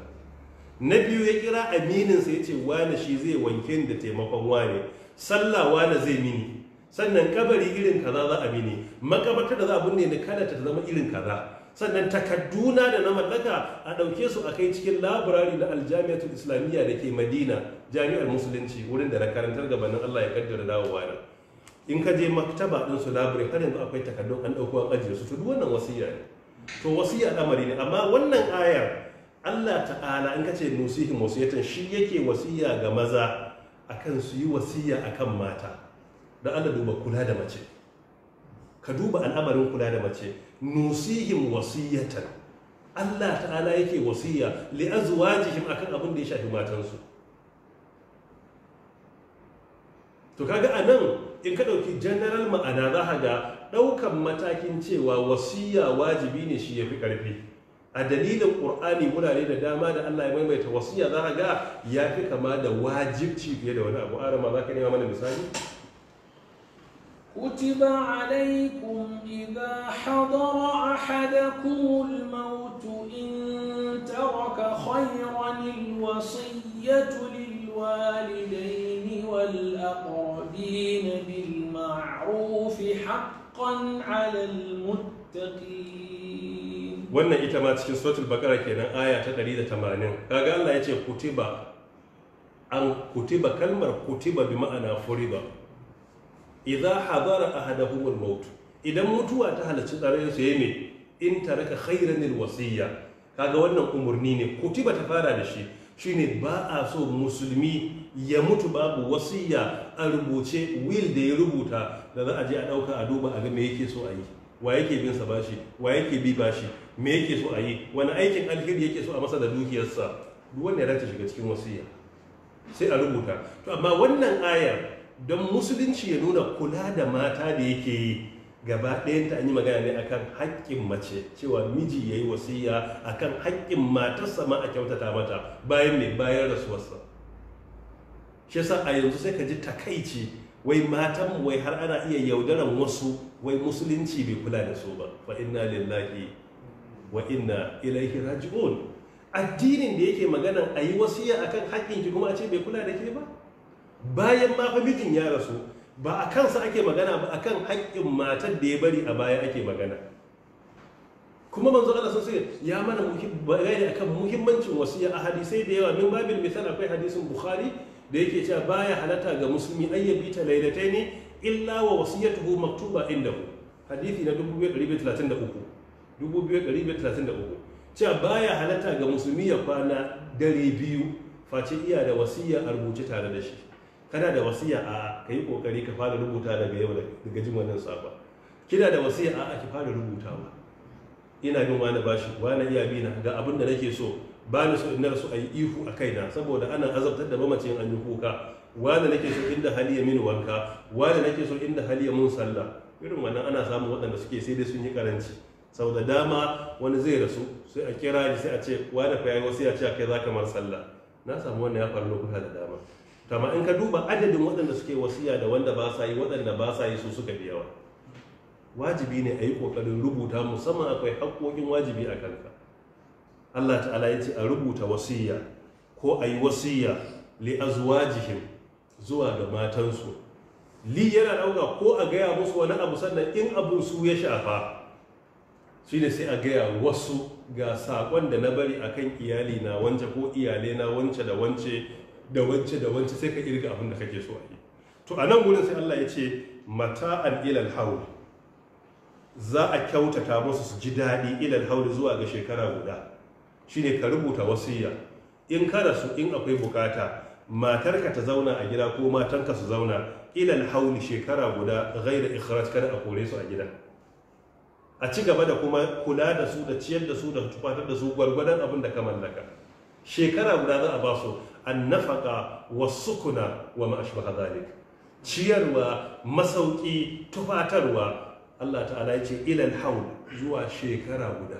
na biyu ya kira amininsa ya ce wane shi zai wanke da taimakon wane sallah wane zai mini sannan kabari irin kaza za a mini makabarta da za a binne ni kada ta zama irin kaza sannan takadduna da na mallaka a ɗauke su a kai cikin laburari na aljami'atul islamiyya da ke madina jami'ar musulunci wurin da na karantar gabanin allah ya kaddara dawowa na in ka je maktaba ɗin su labirin har yanzu akwai takaddun an ɗauko an ajiye su to duk wannan wasiya ne to wasiya amari ne amma wannan ayar allah ta'ala in ka ce nusihin wasiyatan shi yake wasiya ga maza akan su yi wasiya akan mata da allah duba kula da mace ka duba al'amarin kula da mace nusihim wasiyatan Allah ta'ala yake wasiyya li azwajihim akan abin da ya shafi matansu to kaga anan in ka dauki general ma'ana za ka ga daukan matakin cewa wasiyya wajibi ne shi yafi karfi a dalilin qur'ani wurare da dama da Allah ya maimaita wasiya za ka ga yafi kama da wajibci fiye da wani abu arama za ka nema mana misali كتب عليكم إذا حضر أحدكم الموت إن ترك خيرا الوصية للوالدين والأقربين بالمعروف حقا على المتقين wannan ita ma cikin suratul bakara kenan aya ta 180 kaga Allah ya ce kutiba an kutiba kalmar kutiba bi ma'ana furiba idza hadara ahadahumul maut idan mutuwa ta halarci tsarayen su ne in taraka khairan wasiyya kaga wannan umurni ne kutiba ta fara da shi shine ba a so musulmi ya mutu babu wasiyya a rubuce will da ya rubuta da za a je a dauka a duba a ga me yake so a yi wa yake bin sa bashi wa yake bi bashi me yake so a yi wani aikin alheri yake so a masa da dukiyarsa duk wanda ya dace shiga cikin wasiyya sai a rubuta to amma wannan ayar don musulunci ya nuna kula da mata da yake yi gaba ɗayanta an yi magana ne akan haƙƙin mace cewa miji ya yi wasiya akan haƙƙin matarsa ma a kyautata mata bayan mai bayan rasuwarsa shi yasa a yanzu sai ka ji takaici wai matan wai har ana iya yaudaran wasu wai musulunci bai kula da su ba fa inna lillahi wa inna ilaihi raji'un addinin da yake maganan a yi wasiya akan haƙƙinki kuma ce bai kula da ke ba bayan ma fa mijin ya rasu ba a kansa ake magana ba a kan haƙƙin matar da ya bari a baya ake magana kuma manzo Allah sun ya mana bayani akan muhimmancin wasiya a hadisai da yawa min babil misal akwai hadisin bukhari da yake cewa baya halata ga musulmi ayyabi ta lailataini illa wa wasiyatuhu maktuba indahu hadisi na 2233 2233 cewa baya halata ga musulmi ya kwana dare biyu face iya da wasiya a rubuce tare da shi kana da wasiya a ka yi kokari ka fara rubuta daga yau daga jin wannan safa kina da wasiya a ki fara rubutawa ina bin wani bashi wani iya bi na ga abin da nake so ba ni so in rasu a yi ihu a kai na saboda ana azabtar da mamacin an yi kuka wani nake so inda hali ya mini wanka wani nake so inda hali ya mun sallah irin wannan ana samun waɗanda suke sai dai sun yi karanci sau da dama wani zai rasu sai a kira ni sai a ce wani fa wasu ya ce a kai za ka mar sallah na samu wannan ya faru lokuta da dama kama in ka duba adadin waɗanda suke wasiya da wanda ba sa yi waɗanda ba sa yi su suka fi yawa wajibi ne a yi ƙoƙarin rubuta musamman akwai haƙoƙin wajibi a kanka Allah ta'ala ya ce a rubuta wasiya ko a yi wasiya li azwajihim zuwa ga matansu li yana ɗauka ko a gaya musu wani abu sannan in abun su ya shafa shi ne sai a gaya wasu ga saƙon da na bari akan iyali na wance ko iyale na wance da wance da wance da wance sai ka irga abin da kake so a yi to a nan gurin sai Allah ya ce mata ilal haul za a kyautata musu su ji daɗi ilal haul zuwa ga shekara guda shine ka rubuta wasiya in ka rasu in akwai bukata matarka ta zauna a gida ko matanka su zauna ilal hauli shekara guda gaira ikhraj kada a kore su a gida a ci gaba da kuma kula da su da ciyar da su da tufatar da su gwargwadon abin da ka mallaka shekara guda za a ba su annafaka wasukuna wa ma'ashi ashbaha zalik ciyarwa masauki tufatarwa Allah ta'ala yace ilal haul zuwa shekara guda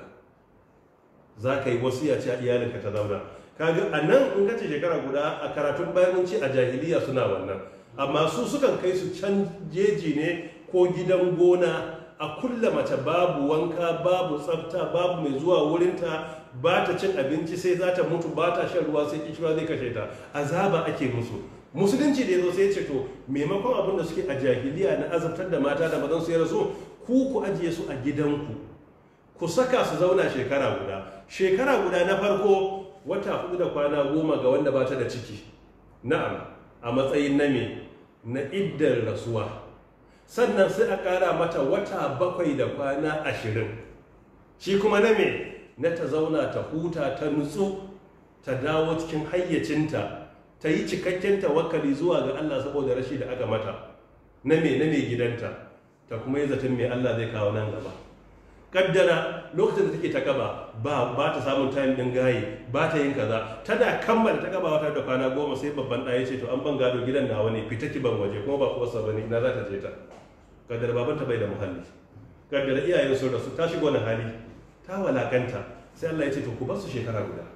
Za ka yi wasiya ce iyalinka ta zauna kaga nan in ka ce shekara guda a karatun bayan ce a jahiliya suna wannan amma su sukan kai su can jeji ne ko gidan gona a kulla mace babu wanka babu tsafta babu mai zuwa wurinta ba ta cin abinci sai za ta mutu ba ta shan ruwa sai kishiwa zai kashe ta azaba ake musu musulunci da ya zo sai ce to maimakon abin da suke a jahiliya na azabtar da mata da mazan su ya rasu ku ku ajiye su a gidanku ku saka su zauna shekara guda shekara guda na farko wata hudu da kwana goma ga wanda ba ta da ciki na'am a matsayin na me na iddar rasuwa sannan sai a kara mata wata bakwai da kwana ashirin shi kuma na me na ta zauna ta huta ta nutsu ta dawo cikin hayyacinta ta yi cikakken tawakkali zuwa ga Allah saboda rashi da aka mata na me na mai gidanta ta kuma yi zaton me Allah zai kawo nan gaba kaddara lokacin da take ta gaba ba ba ta samun time din gaye ba ta yin kaza tana kammala ta gaba wata da kwana goma sai babban ɗaya ya ce to an ban gado gidan nawa ne fita ban waje kuma ba kuwarsa ba ne ina za ta je ta kaddara babanta bai da muhalli kaddara iyayen sun rasu ta shiga wani hali ta walakanta sai Allah ya ce to ku basu shekara guda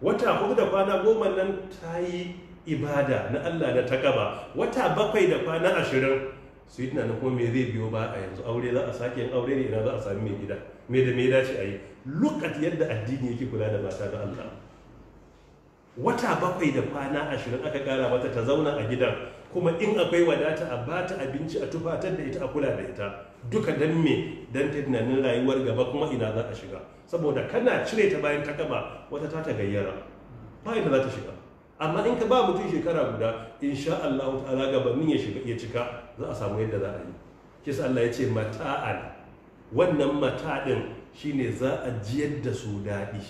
wata hudu da kwana goma nan ta yi ibada na Allah na takaba wata bakwai da kwana ashirin su yi tunanin kuma me zai biyo ba a yanzu aure za a sake yin aure ne ina za a sami mai gida me da me dace a yi lokat yadda addini yake kula da mata da Allah wata bakwai da kwana ashirin aka kara mata ta zauna a gidan kuma in akwai wadata a bata abinci a tufatar da ita a kula da ita duka dan me dan ta tunanin rayuwar gaba kuma ina za a shiga saboda kana cire ta bayan ta kaba wata ta ta gayyara ba ita za ta shiga amma in ka ba mutum shekara guda insha Allah ta'ala min ya shiga ya cika za a samu yadda za a yi kisa Allah ya ce mata'an wannan mata'in shine za a jiyar da su daɗi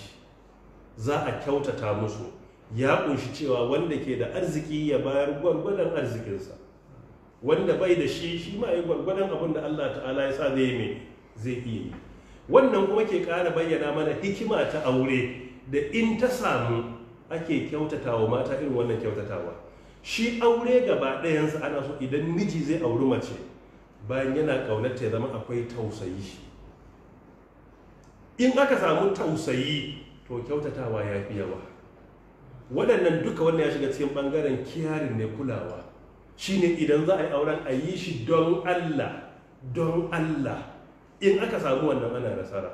za a kyautata musu ya kunshi cewa wanda ke da arziki ya bayar gwargwadon arzikinsa wanda bai da shi shi ma ya gwargwadon abin da Allah ta'ala ya sa zai mai zai iya yi wannan kuma ke kara bayyana mana hikima ta aure da in ta samu ake kyautatawa mata irin wannan kyautatawa shi aure gaba ɗayansa ana so idan miji zai auri mace bayan yana ƙaunar ta zama akwai tausayi in aka samu tausayi to kyautatawa ya fi yawa waɗannan duka wannan ya shiga cikin ɓangaren kiyarin ne kulawa shine idan za a yi auren a yi shi don allah don allah in aka samu wannan ana nasara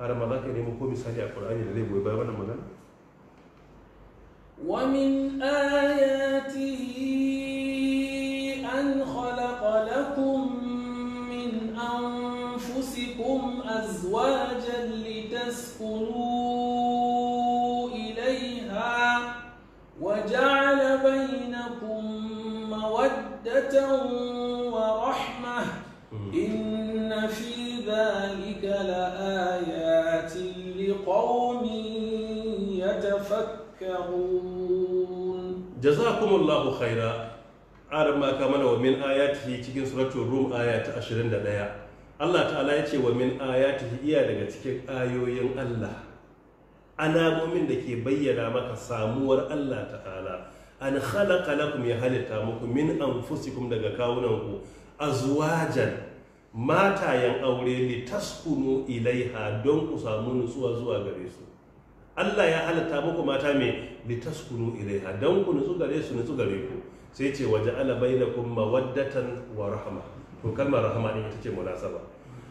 a ramadan ka nemo ko misali a ƙur'ani da zai goyi bayan wannan magana ومن آياته أن خلق لكم من أنفسكم أزواجا لتسكنوا هدى ورحمة إن في ذلك لآيات لقوم يتفكرون جزاكم الله خيرا aran ma ka mana wa min ayatihi cikin suratul rum aya ta ɗaya, Allah ta'ala ya ce wa min ayatihi iya daga cikin ayoyin Allah alamomin da ke bayyana maka samuwar Allah ta'ala an khalaqa lakum ya halitta muku min an fusikum daga kawunanku azuwajan matayen aure litaskunu taskunu ilaiha don ku samu nutsuwa zuwa gare su Allah ya halitta muku mata me li taskunu ilaiha don ku nutsu gare su nutsu gare ku sai ce waje ala kun mawaddatan wa rahama. to kalma rahama ne ita ce munasaba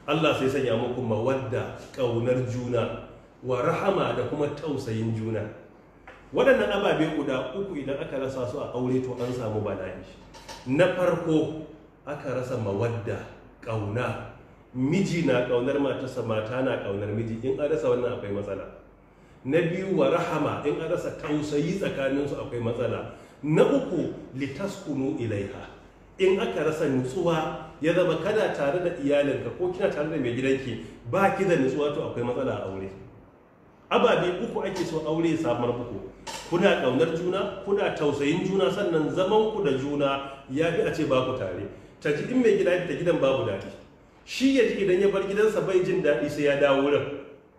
Allah sai sanya muku mawadda kaunar juna wa rahama da kuma tausayin juna waɗannan ababe guda uku idan aka rasa su a aure to an samu daɗi. na farko aka rasa mawadda ƙauna miji na ƙaunar matarsa mata na ƙaunar miji in an rasa wannan akwai matsala na biyu wa rahama in an rasa tausayi tsakaninsu akwai matsala na uku litaskunu ilaiha in aka rasa nutsuwa ya zama kana tare da iyalinka ko kina tare da mai gidanki ba ki da nutsuwa to akwai matsala a aure ababe uku ake so aure samar uku kuna kaunar juna kuna tausayin juna sannan zaman ku da juna ya fi a ce ba ku tare ta ji in mai gida ta gidan babu daɗi shi ya ji idan ya bar gidansa bai jin daɗi sai ya dawo wurin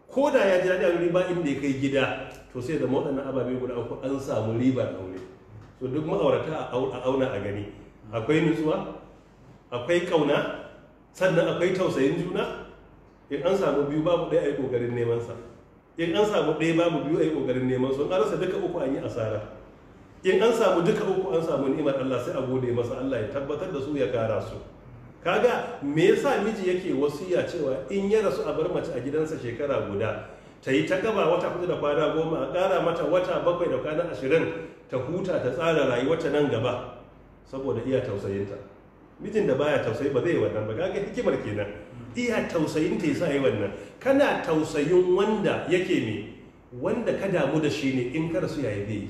ko da ya ji daɗi a wuri ba inda ya kai gida to sai da waɗannan ababe guda uku an samu riba a aure to duk ma'aurata a auna a gani akwai nutsuwa akwai ƙauna sannan akwai tausayin juna in an samu biyu babu ɗaya a yi ƙoƙarin neman sa in an samu ɗaya babu biyu a yi ƙoƙarin neman su an rasa duka uku an yi asara in an samu duka uku an samu ni'imar Allah sai a gode masa Allah ya tabbatar da su ya kara su kaga me yasa miji yake wasiya cewa in ya rasu a bar mace a gidansa shekara guda ta yi ta gaba wata hudu da kwana goma a ƙara mata wata bakwai da kwana ashirin ta huta ta tsara rayuwar ta nan gaba saboda iya tausayinta mijin da baya tausayi ba zai yi wannan ba kaga hikimar kenan iya tausayin ta yasa yi wannan kana tausayin wanda yake ne wanda ka damu da shi ne in ka rasu yayi bai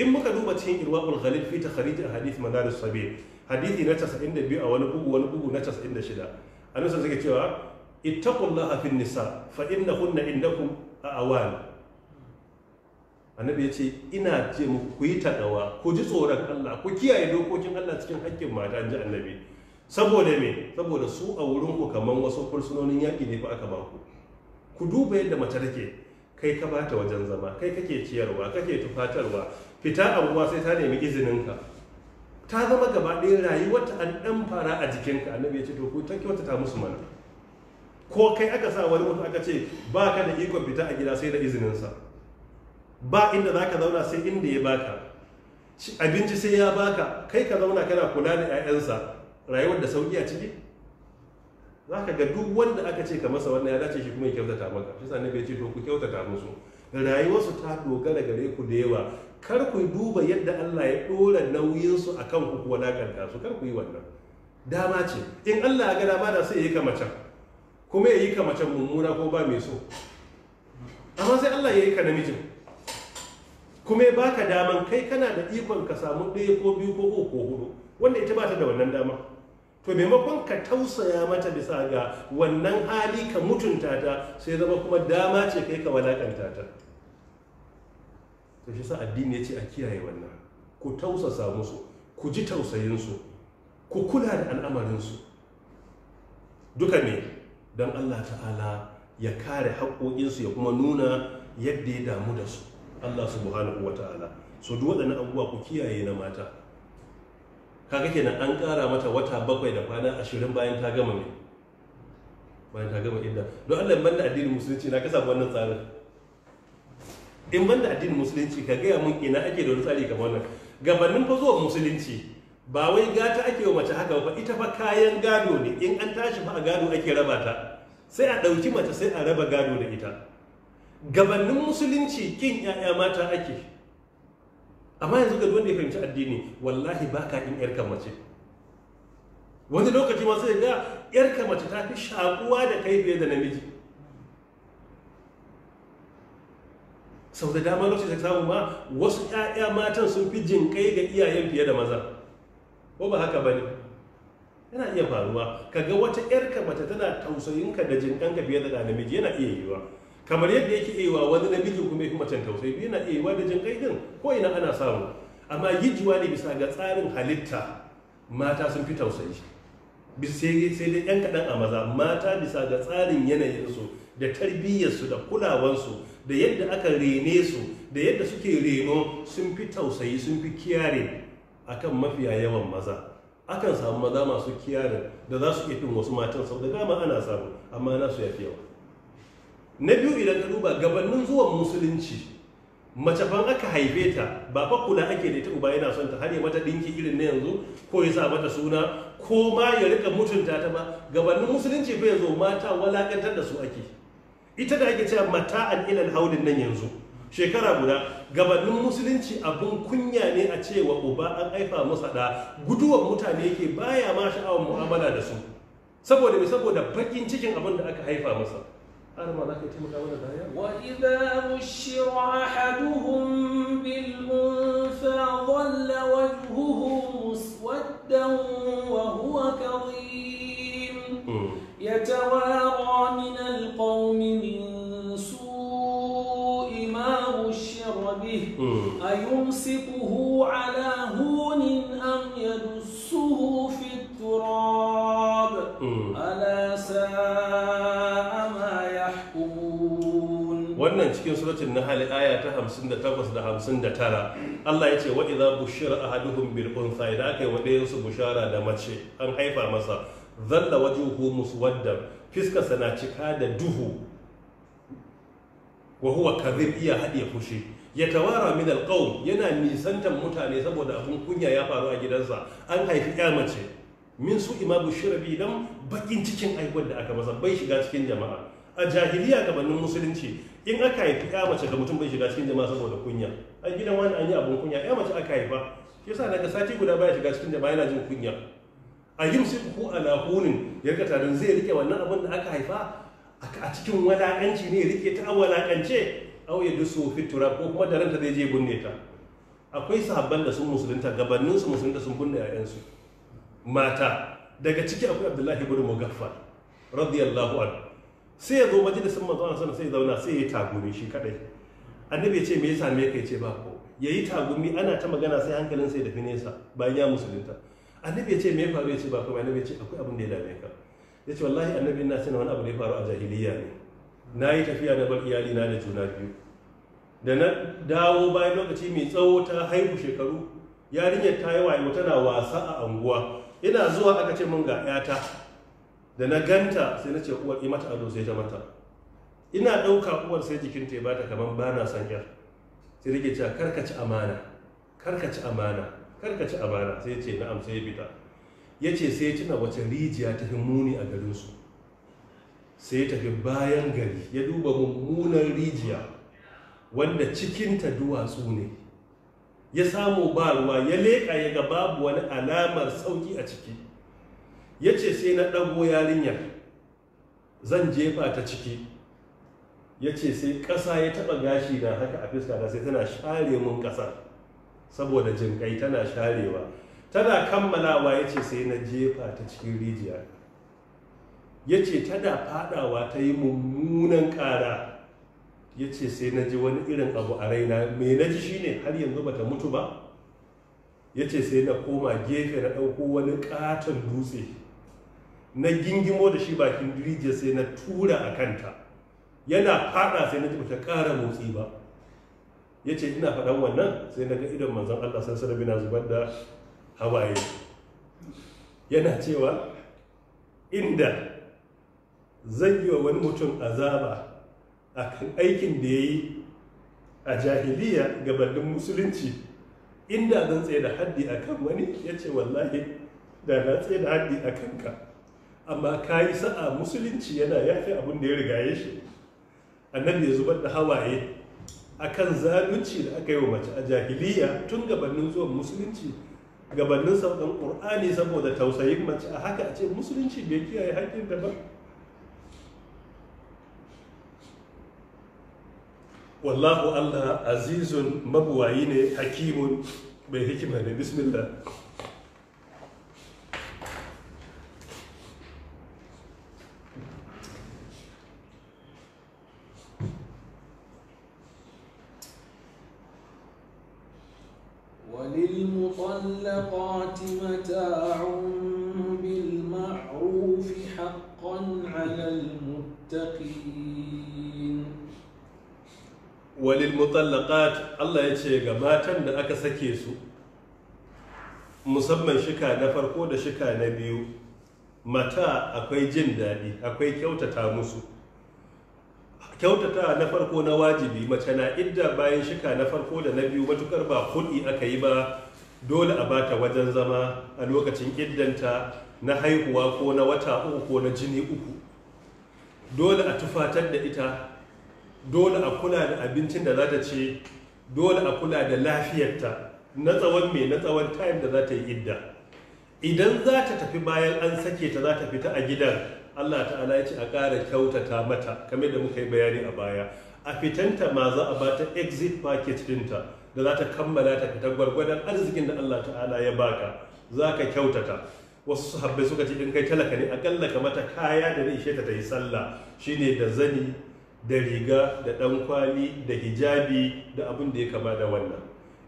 in muka duba cikin irwaqul ghalib fi takhrij ahadith madaris sabil hadithi na 92 a wani bugu wani bugu na 96 annabi sai cewa ittaqullaha fin nisa fa innahunna indakum awan annabi yace ina ce muku ku yi tadawa ku ji tsoron Allah ku kiyaye dokokin Allah cikin haƙƙin mata ji annabi saboda me saboda su a wurin ku kamar wasu fursunonin yaƙi ne fa aka ba ku ku duba yadda mace take kai ka bata wajen zama kai kake ciyarwa kake tufatarwa fita abuwa sai ta nemi izininka. ta zama gaba ɗaya rayuwar ta an ɗan fara a jikinka annabi ya ce to ku ta kyauta ta musu mana ko kai aka sa wani mutum aka ce ba ka da ikon fita a gida sai da izininsa ba inda za ka zauna sai inda ya baka abinci sai ya baka kai ka zauna kana kula da 'ya'yansa rayuwar da sauki a ciki za ka ga duk wanda aka ce ka masa wannan ya dace shi kuma ya kyautata maka shi sani bai ce to ku kyautata musu rayuwarsu ta dogara gare ku da yawa kar ku duba yadda Allah ya dora nauyinsu a kan ku kuwa lakanta su kar ku yi wannan dama ce in Allah ya ga dama da sai ya yi can kuma ya yi can mummuna ko ba mai so amma sai Allah ya yi ka namijin kuma ya baka daman kai kana da ikon ka samu ɗaya ko biyu ko uku ko hudu wanda ita ba ta da wannan dama to maimakon ka tausaya mata bisa ga wannan hali ka mutunta ta sai zama kuma dama ce kai ka walakanta ta to shi sa addini ya ce a kiyaye wannan ku tausasa musu ku ji tausayinsu ku kula da al'amarinsu duka ne don allah ta'ala ya kare haƙoƙinsu ya kuma nuna yadda ya damu da su allah subhanahu wa ta'ala so duk waɗannan abubuwa ku kiyaye na mata kaga kenan an ƙara mata wata bakwai da kwana ashirin bayan ta gama mai bayan ta gama idda don Allah in banda addinin musulunci na kasa wannan tsarin in banda addinin musulunci ka gaya mun ina ake da wani tsari kamar wannan gabanin fa zuwa musulunci ba wai gata ake wa mace haka ba ita fa kayan gado ne in an tashi fa a gado ake raba ta sai a ɗauki mace sai a raba gado da ita gabanin musulunci kin 'ya'ya mata ake amma yanzu ga duwanda ya fahimci addini wallahi ba ka in yarka mace wani lokaci ma sai ga yarka mace ta fi shakuwa da kai fiye da namiji sau da dama lokaci ta samu ma wasu 'ya'ya matan sun fi jin kai ga iyayen fiye da maza ko ba haka ba ne yana iya faruwa kaga wata 'yarka mace tana tausayinka da jinkanka fiye da namiji yana iya yiwuwa kamar yadda yake ewa wani namiji kuma yafi macen tausayi yana ewa da jin kaidin ko ina ana samu amma gijiwa ne bisa ga tsarin halitta mata sun fi tausayi sai dai yan kaɗan a maza mata bisa ga tsarin yanayinsu da tarbiyyarsu da kulawansu da yadda aka rene su da yadda suke reno sun fi tausayi sun fi kiyare akan mafiya yawan maza akan samu maza masu kiyare da za su iya fin wasu matan sau da dama ana samu amma nasu ya fi yawa na biyu idan ka duba gabanin zuwan musulunci mace ban aka haife ta ba fa ake da ita uba yana son ta har ya mata dinki irin na yanzu ko ya sa mata suna ko ma ya rika mutunta ta ba gabanin musulunci bai zo mata walakantar da su ake ita da ake cewa mata an ilal haulin nan yanzu shekara guda gabanin musulunci abun kunya ne a cewa uba an haifa masa da guduwan mutane yake baya ma sha'awar mu'amala da su saboda mai saboda bakin cikin abin da aka haifa masa وإذا بشر أحدهم بالأنثى ظل وجهه مسودا وهو كظيم يتوارى من القوم من سوء ما بشر به أيمسكه على هون أم يدسه في التراب ألا ساء cikin suratul nahl aya ta 58 da 59 Allah ya ce wa idza bushira ahaduhum bil untha idan aka yi su bushara da mace an haifa masa zalla wajuhu muswaddan fiska na cika da duhu wa huwa kadhib iya hadiya fushi ya tawara min qawm yana nisantan mutane saboda abun kunya ya faru a gidansa an haifi ya mace min su imabu shirabi dan bakin cikin aikwar da aka masa bai shiga cikin jama'a a jahiliya gabanin musulunci in aka haifi ya mace ga mutum bai shiga cikin jama'a saboda kunya a gidan wani an yi abun kunya ya mace aka haifa shi yasa daga sati guda baya shiga cikin jama'a yana jin kunya a yimsiku ala hunin ya rika tarin zai rike wannan abun da aka haifa a cikin walakanci ne rike ta walakance au ya su fitura ko kuma da ranta zai je binne ta akwai sahabban da sun musulunta gabanin su musulunta sun binne yayansu mata daga ciki akwai abdullahi ibn mugaffar radiyallahu anhu sai ya zo majalisin manzo Allah sallallahu alaihi sai ya zauna sai ya tagumi shi kadai annabi ya ce me yasa me kai ce ba ko yayi tagumi ana ta magana sai hankalin sai da finesa bayan ya musulunta annabi ya ce me faru ya ce ba ko annabi ya ce akwai abin da ya dame ka ya ce wallahi annabi na sanin wani abu da faru a jahiliya ne na yi tafiya na bar iyali na da juna biyu da na dawo bayan lokaci mai tsawo ta haihu shekaru yarinyar ta yi wayo tana wasa a anguwa ina zuwa aka ce mun ga 'yata da na ganta sai na ce uwar yi mata ado sai ta mata ina ɗauka uwar sai jikin ta ba ta kamar ba na son yar sai rike cewa karkaci amana karkaci amana karkaci amana sai ce na sai ya fita ya ce sai ya tuna wace rijiya ta fi muni a garinsu sai tafi bayan gari ya duba mummunan rijiya wanda cikinta duwatsu ne ya samu ba ruwa ya leƙa ya ga babu wani alamar sauki a ciki ya ce sai na ɗago yarinyar zan jefa ta ciki ya ce sai ƙasa ya taɓa gashi na haka a fiska da sai tana share mun ƙasa saboda jinƙai tana sharewa tana kammalawa ya ce sai na jefa ta cikin rijiya ya ce tana faɗawa ta yi mummunan ƙara ya ce sai na ji wani irin abu a raina mai na ji shine har yanzu bata mutu ba ya ce sai na koma gefe na ɗauko wani ƙaton dutse na gingimo da shi bakin rijiyar sai na tura a kanta yana fada sai na ji bata kara motsi ba ya ce ina faɗan wannan sai na ga idon manzan Allah san sarrafi na zubar da hawaye yana cewa inda zan yi wa wani mutum azaba a kan aikin da ya yi a jahiliya gabanin musulunci inda zan tsaye da haddi a kan wani ya ce wallahi da na tsaye da haddi a kanka amma ka yi sa'a musulunci yana yafi abin da ya riga ya shi annabi ya zubar da hawaye akan zalunci da aka yi wa mace a jahiliya tun gabanin zuwan musulunci gabanin sauɗan ƙur'ani saboda tausayin mace a haka a ce musulunci bai kiyaye haƙƙin da ba wallahu allah azizun mabuwayi ne hakimun mai hikima ne bismillah mutallaqat Allah ya ce ga matan da aka sake su musamman shika na farko da shika na biyu mata akwai jin daɗi akwai kyautata musu kyautata na farko na wajibi mace na idda bayan shika na farko da na biyu matukar ba kuɗi aka yi ba dole a bata wajen zama a lokacin iddanta na haihuwa ko na wata uku ko na jini uku dole a tufatar da ita dole a kula da abincin da za ta ce dole a kula da lafiyarta na tsawon mai na tsawon time da za ta yi idda idan za ta tafi bayan an sake ta za ta fita a gidan allah ta'ala ya ce a ƙara kyautata mata kamar da muka yi bayani a baya a fitanta ma za a bata exit package dinta da za ta kammala ta fitar gwargwadon arzikin da Allah ta'ala ya baka za ka kyautata wasu sahabbai suka ce in kai talaka ne akalla ka mata kaya da zai ishe ta ta yi sallah shine da zani da riga da ɗan kwali da hijabi da abin da ya kama da wannan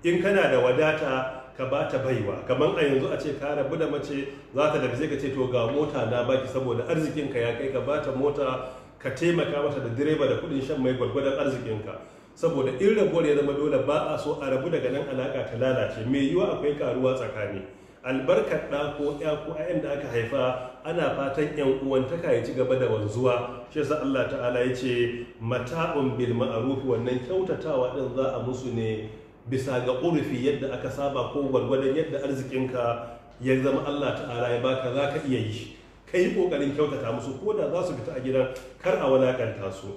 in kana da wadata ka ba ta baiwa kamar a yanzu a ce ka rabu da mace za ta tafi sai ka ce to ga mota na baki saboda arzikinka ya kai ka ba ta mota ka taimaka mata da direba da kuɗin shan mai gwargwadon arzikinka saboda in rabuwar ya zama dole ba a so a rabu daga nan alaka ta lalace mai yiwa akwai karuwa tsakani albarkar ɗa ko ya ko ayan da aka haifa ana fatan yan uwantaka ya ci gaba da wanzuwa shi yasa Allah ta'ala ya ce mata'un bil ma'ruf wannan kyautatawa din za a musu ne bisa ga urufi yadda aka saba ko gwargwadon yadda arzikinka ya zama Allah ta'ala ya baka za ka iya yi kai kokarin kyautata musu ko da za su fita a gidan kar a walakanta su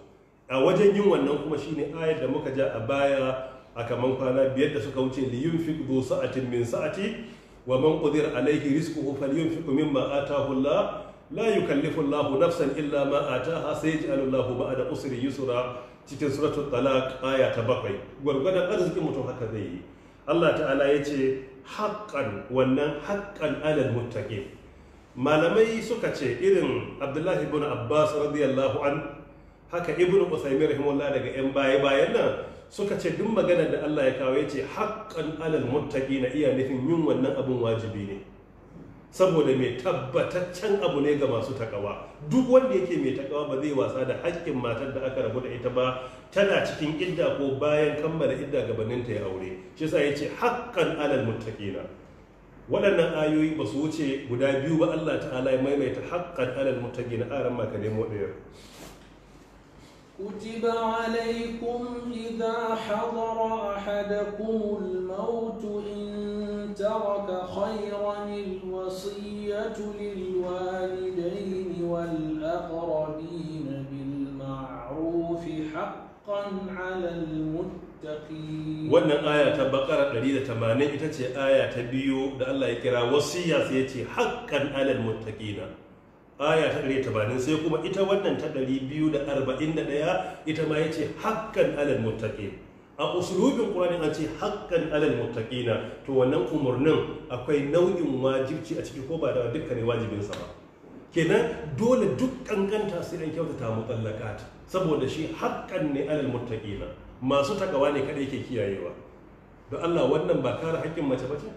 a wajen yin wannan kuma shine ayar da muka ja a baya a kaman kwana biyar da suka wuce liyun fi sa'atin min sa'ati wa man qudir alayhi rizquhu falyunfiq mimma ataahu Allah la yukallifu Allah nafsan illa ma ataaha sayaj'alu Allah ba'da usri yusra cikin suratul talaq aya ta bakwai gwargwadon arzikin mutum haka zai yi Allah ta'ala ya ce haƙƙan wannan haƙƙan alal muttaqin malamai suka ce irin Abdullahi ibn Abbas radiyallahu an haka ibn Usaymin rahimahullah daga yan baya bayan nan suka ce duk maganar da Allah ya kawo ya ce haƙƙan alal na iya nufin yin wannan abun wajibi ne saboda mai tabbataccen abu ne ga masu takawa duk wanda yake mai takawa ba zai wasa da haƙƙin matar da aka rabu da ita ba tana cikin idda ko bayan kammala idda gabaninta ta ya aure shi sa yace haƙƙan alal na. waɗannan ayoyi ba su wuce guda biyu ba Allah ta'ala ya maimaita haƙƙan alal na aran ma ka nemo ɗaya كتب عليكم إذا حضر أحدكم الموت إن ترك خيرا الوصية للوالدين والأقربين بالمعروف حقا على المتقين وأن آية بقرة قليلة تماني إتتي آية بيو تبيو لألا يكرا وصية حقا على المتقين aya ta tabanin sai kuma ita wannan ta ɗari biyu da arba'in ɗaya. ita ma yace hakkan alal muttaqin a usulubin qur'ani an ce hakkan alal muttaqina to wannan umarnin akwai nau'in wajibci a ciki ko ba da dukkan wajibin sa ba kenan dole duk ƙanƙanta sai an kyautata mutallakat saboda shi hakkan ne alal muttaqina masu takawa ne kaɗai ke kiyayewa don Allah wannan ba kare hakkin mace ce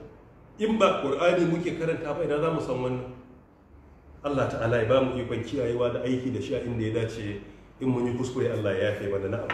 in ba qur'ani muke karanta ba idan za mu san wannan Allah ta'ala ya ba mu ikon kiyayewa da aiki da sha'in da ya dace in mun yi kuskure Allah ya yafe mana na'am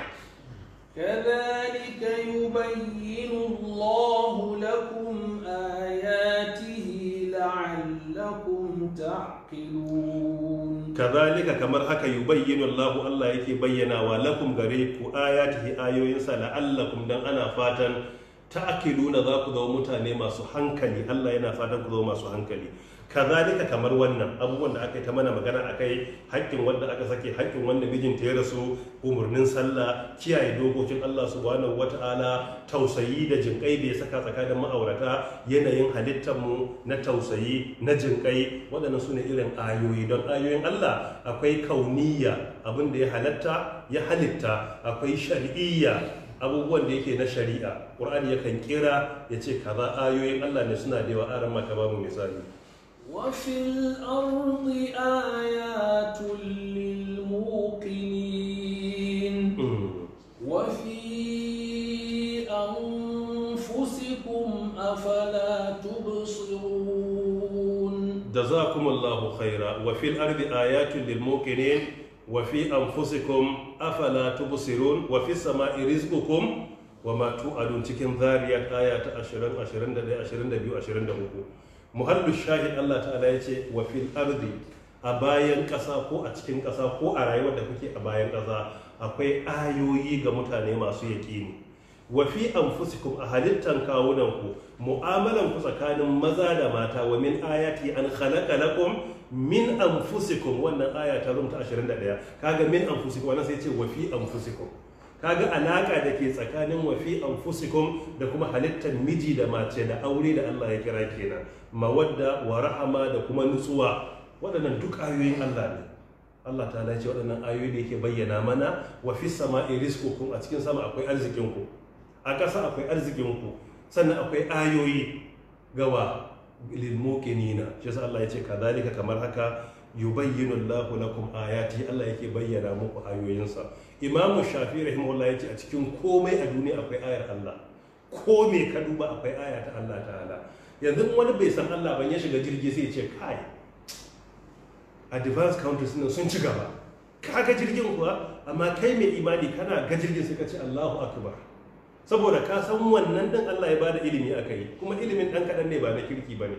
kadhalika yubayyinu Allahu lakum ayatihi la'allakum ta'qilun kadhalika kamar haka yubayyinu Allahu Allah yake bayyana wa lakum gare ku ayatihi ayoyin la'allakum dan ana fatan ta'qiluna za ku zama mutane masu hankali Allah yana fatan ku zama masu hankali kazalika kamar wannan abubuwan da aka yi ta mana magana akai haƙƙin wanda aka sake haƙƙin wanda mijinta ya rasu umarnin sallah kiyaye dokokin Allah subhanahu wataala tausayi da jinkai da ya saka tsakanin ma'aurata yanayin halittar mu na tausayi na jinƙai, waɗannan su ne irin ayoyi don ayoyin Allah akwai kauniyya abin da ya halatta ya halitta akwai shar'iyya abubuwan da yake na shari'a ƙur'ani yakan kira ya ce kaza ayoyin Allah ne suna da yawa aran mata babu misali وفي الأرض آيات للموقنين وفي أنفسكم أفلا تبصرون جزاكم الله خيرا وفي الأرض آيات للموقنين وفي أنفسكم أفلا تبصرون وفي السماء رزقكم وما توعدون تكن ذاريات آيات 20 21 22 23 muhallu shahid Allah ta'ala ya ce wa fil ardi a bayan ƙasa ko a cikin ƙasa ko a rayuwar da kuke a bayan ƙasa akwai ayoyi ga mutane masu yaƙini wa fi anfusikum a halittan kawunanku mu'amalan ku tsakanin maza da mata wa min ayati an khalaqa lakum min anfusikum wannan aya ta rumta 21 kaga min anfusikum wannan sai ce wa fi anfusikum kaga alaka da ke tsakanin wafi fusikon da kuma halittar miji da mace da aure da Allah ya kira kenan mawadda wa rahama da kuma nutsuwa waɗannan duk ayoyin Allah ne Allah ta ce waɗannan ayoyi da yake bayyana mana wa fi sama'i rizqukum a cikin sama akwai arzikinku a ƙasa akwai arzikinku sannan akwai ayoyi gawa lilmuqinina shi yasa Allah ya ce kadhalika kamar haka yubayyinu Allahu lakum ayati Allah yake bayyana muku ayoyinsa imamu shafi rahimahullah ya ce a cikin komai a duniya akwai ayar allah ko me ka duba akwai aya ta allah ta'ala yanzu wani bai san allah ban ya shiga jirgi sai ya ce kai advanced countries na sun ci gaba ka ga jirgin kuwa amma kai mai imani kana ga jirgin sai ka ce allahu akbar saboda ka san wannan dan Allah ya bada ilimi a kai kuma ilimin dan kadan ne ba na kirki ne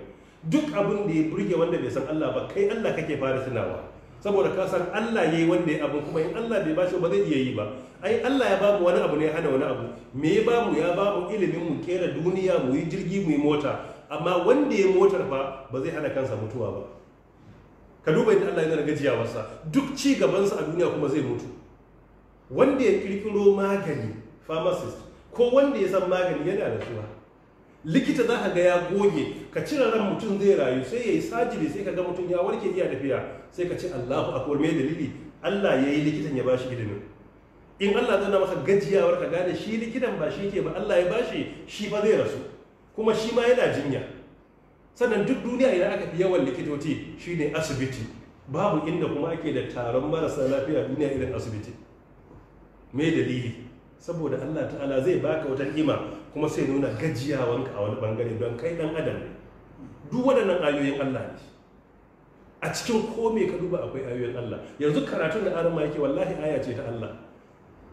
duk abin da ya burge wanda bai san Allah ba kai Allah kake fara sinawa. saboda ka san Allah yayi wanda ya abu kuma in Allah bai bashi ba zai iya yi ba ai Allah ya babu wani abu ne ya hana wani abu me ya babu ya babu ilimin mu kera duniya mu yi jirgi mu yi mota amma wanda ya motar fa ba zai hana kansa mutuwa ba ka duba yadda Allah yana gajiyawarsa duk ci gabansa a duniya kuma zai mutu wanda ya kirkiro magani pharmacist ko wanda ya san magani yana da suwa likita za ka ga ya goge ka cire ran mutum zai rayu sai ya yi sajiri sai ka ga mutum ya warke iya tafiya sai ka ce allahu akwai mai dalili allah ya yi likitan ya ba shi ilimin in allah zana masa gajiyawar ka gane shi likitan ba shi ke ba allah ya ba shi shi ba zai rasu kuma shi ma yana jinya sannan duk duniya idan aka fi yawan likitoci shi ne asibiti babu inda kuma ake da taron marasa lafiya duniya irin asibiti mai dalili saboda allah ta'ala zai baka wata ni'ima kuma sai nuna gajiya a wani bangare don kai dan adam ne duk waɗannan ayoyin Allah ne a cikin kome ka duba akwai ayoyin Allah yanzu karatun da arama yake wallahi aya ce ta Allah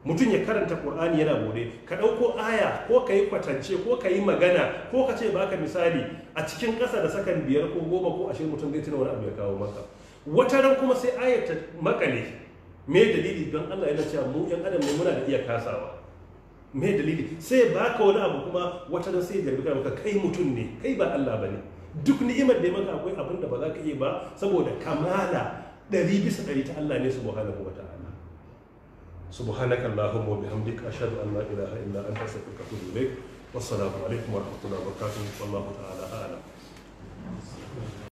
mutum ya karanta Qur'ani yana bore ka ɗauko aya ko ka yi kwatance ko ka yi magana ko ka ce baka misali a cikin ƙasa da sakan biyar ko goma ko ashirin mutum zai tuna wani abu ya kawo maka wata ran kuma sai ayar ta makale me dalili don Allah yana cewa mu yan adam ne muna da iya kasawa me dalili sai baka wani abu kuma wata da sai jarbi kai maka kai mutum ne kai ba Allah ba ne. duk ni'imar da ya maka akwai abin da ba za ka iya ba saboda kamala ɗari bisa ɗari ta Allah ne subhanahu wata'ala subhanaka allahumma wa bihamdika ashhadu an la ilaha illa anta astaghfiruka wa atubu ilayk wassalamu alaikum wa rahmatullahi wa barakatuh wallahu ta'ala a'lam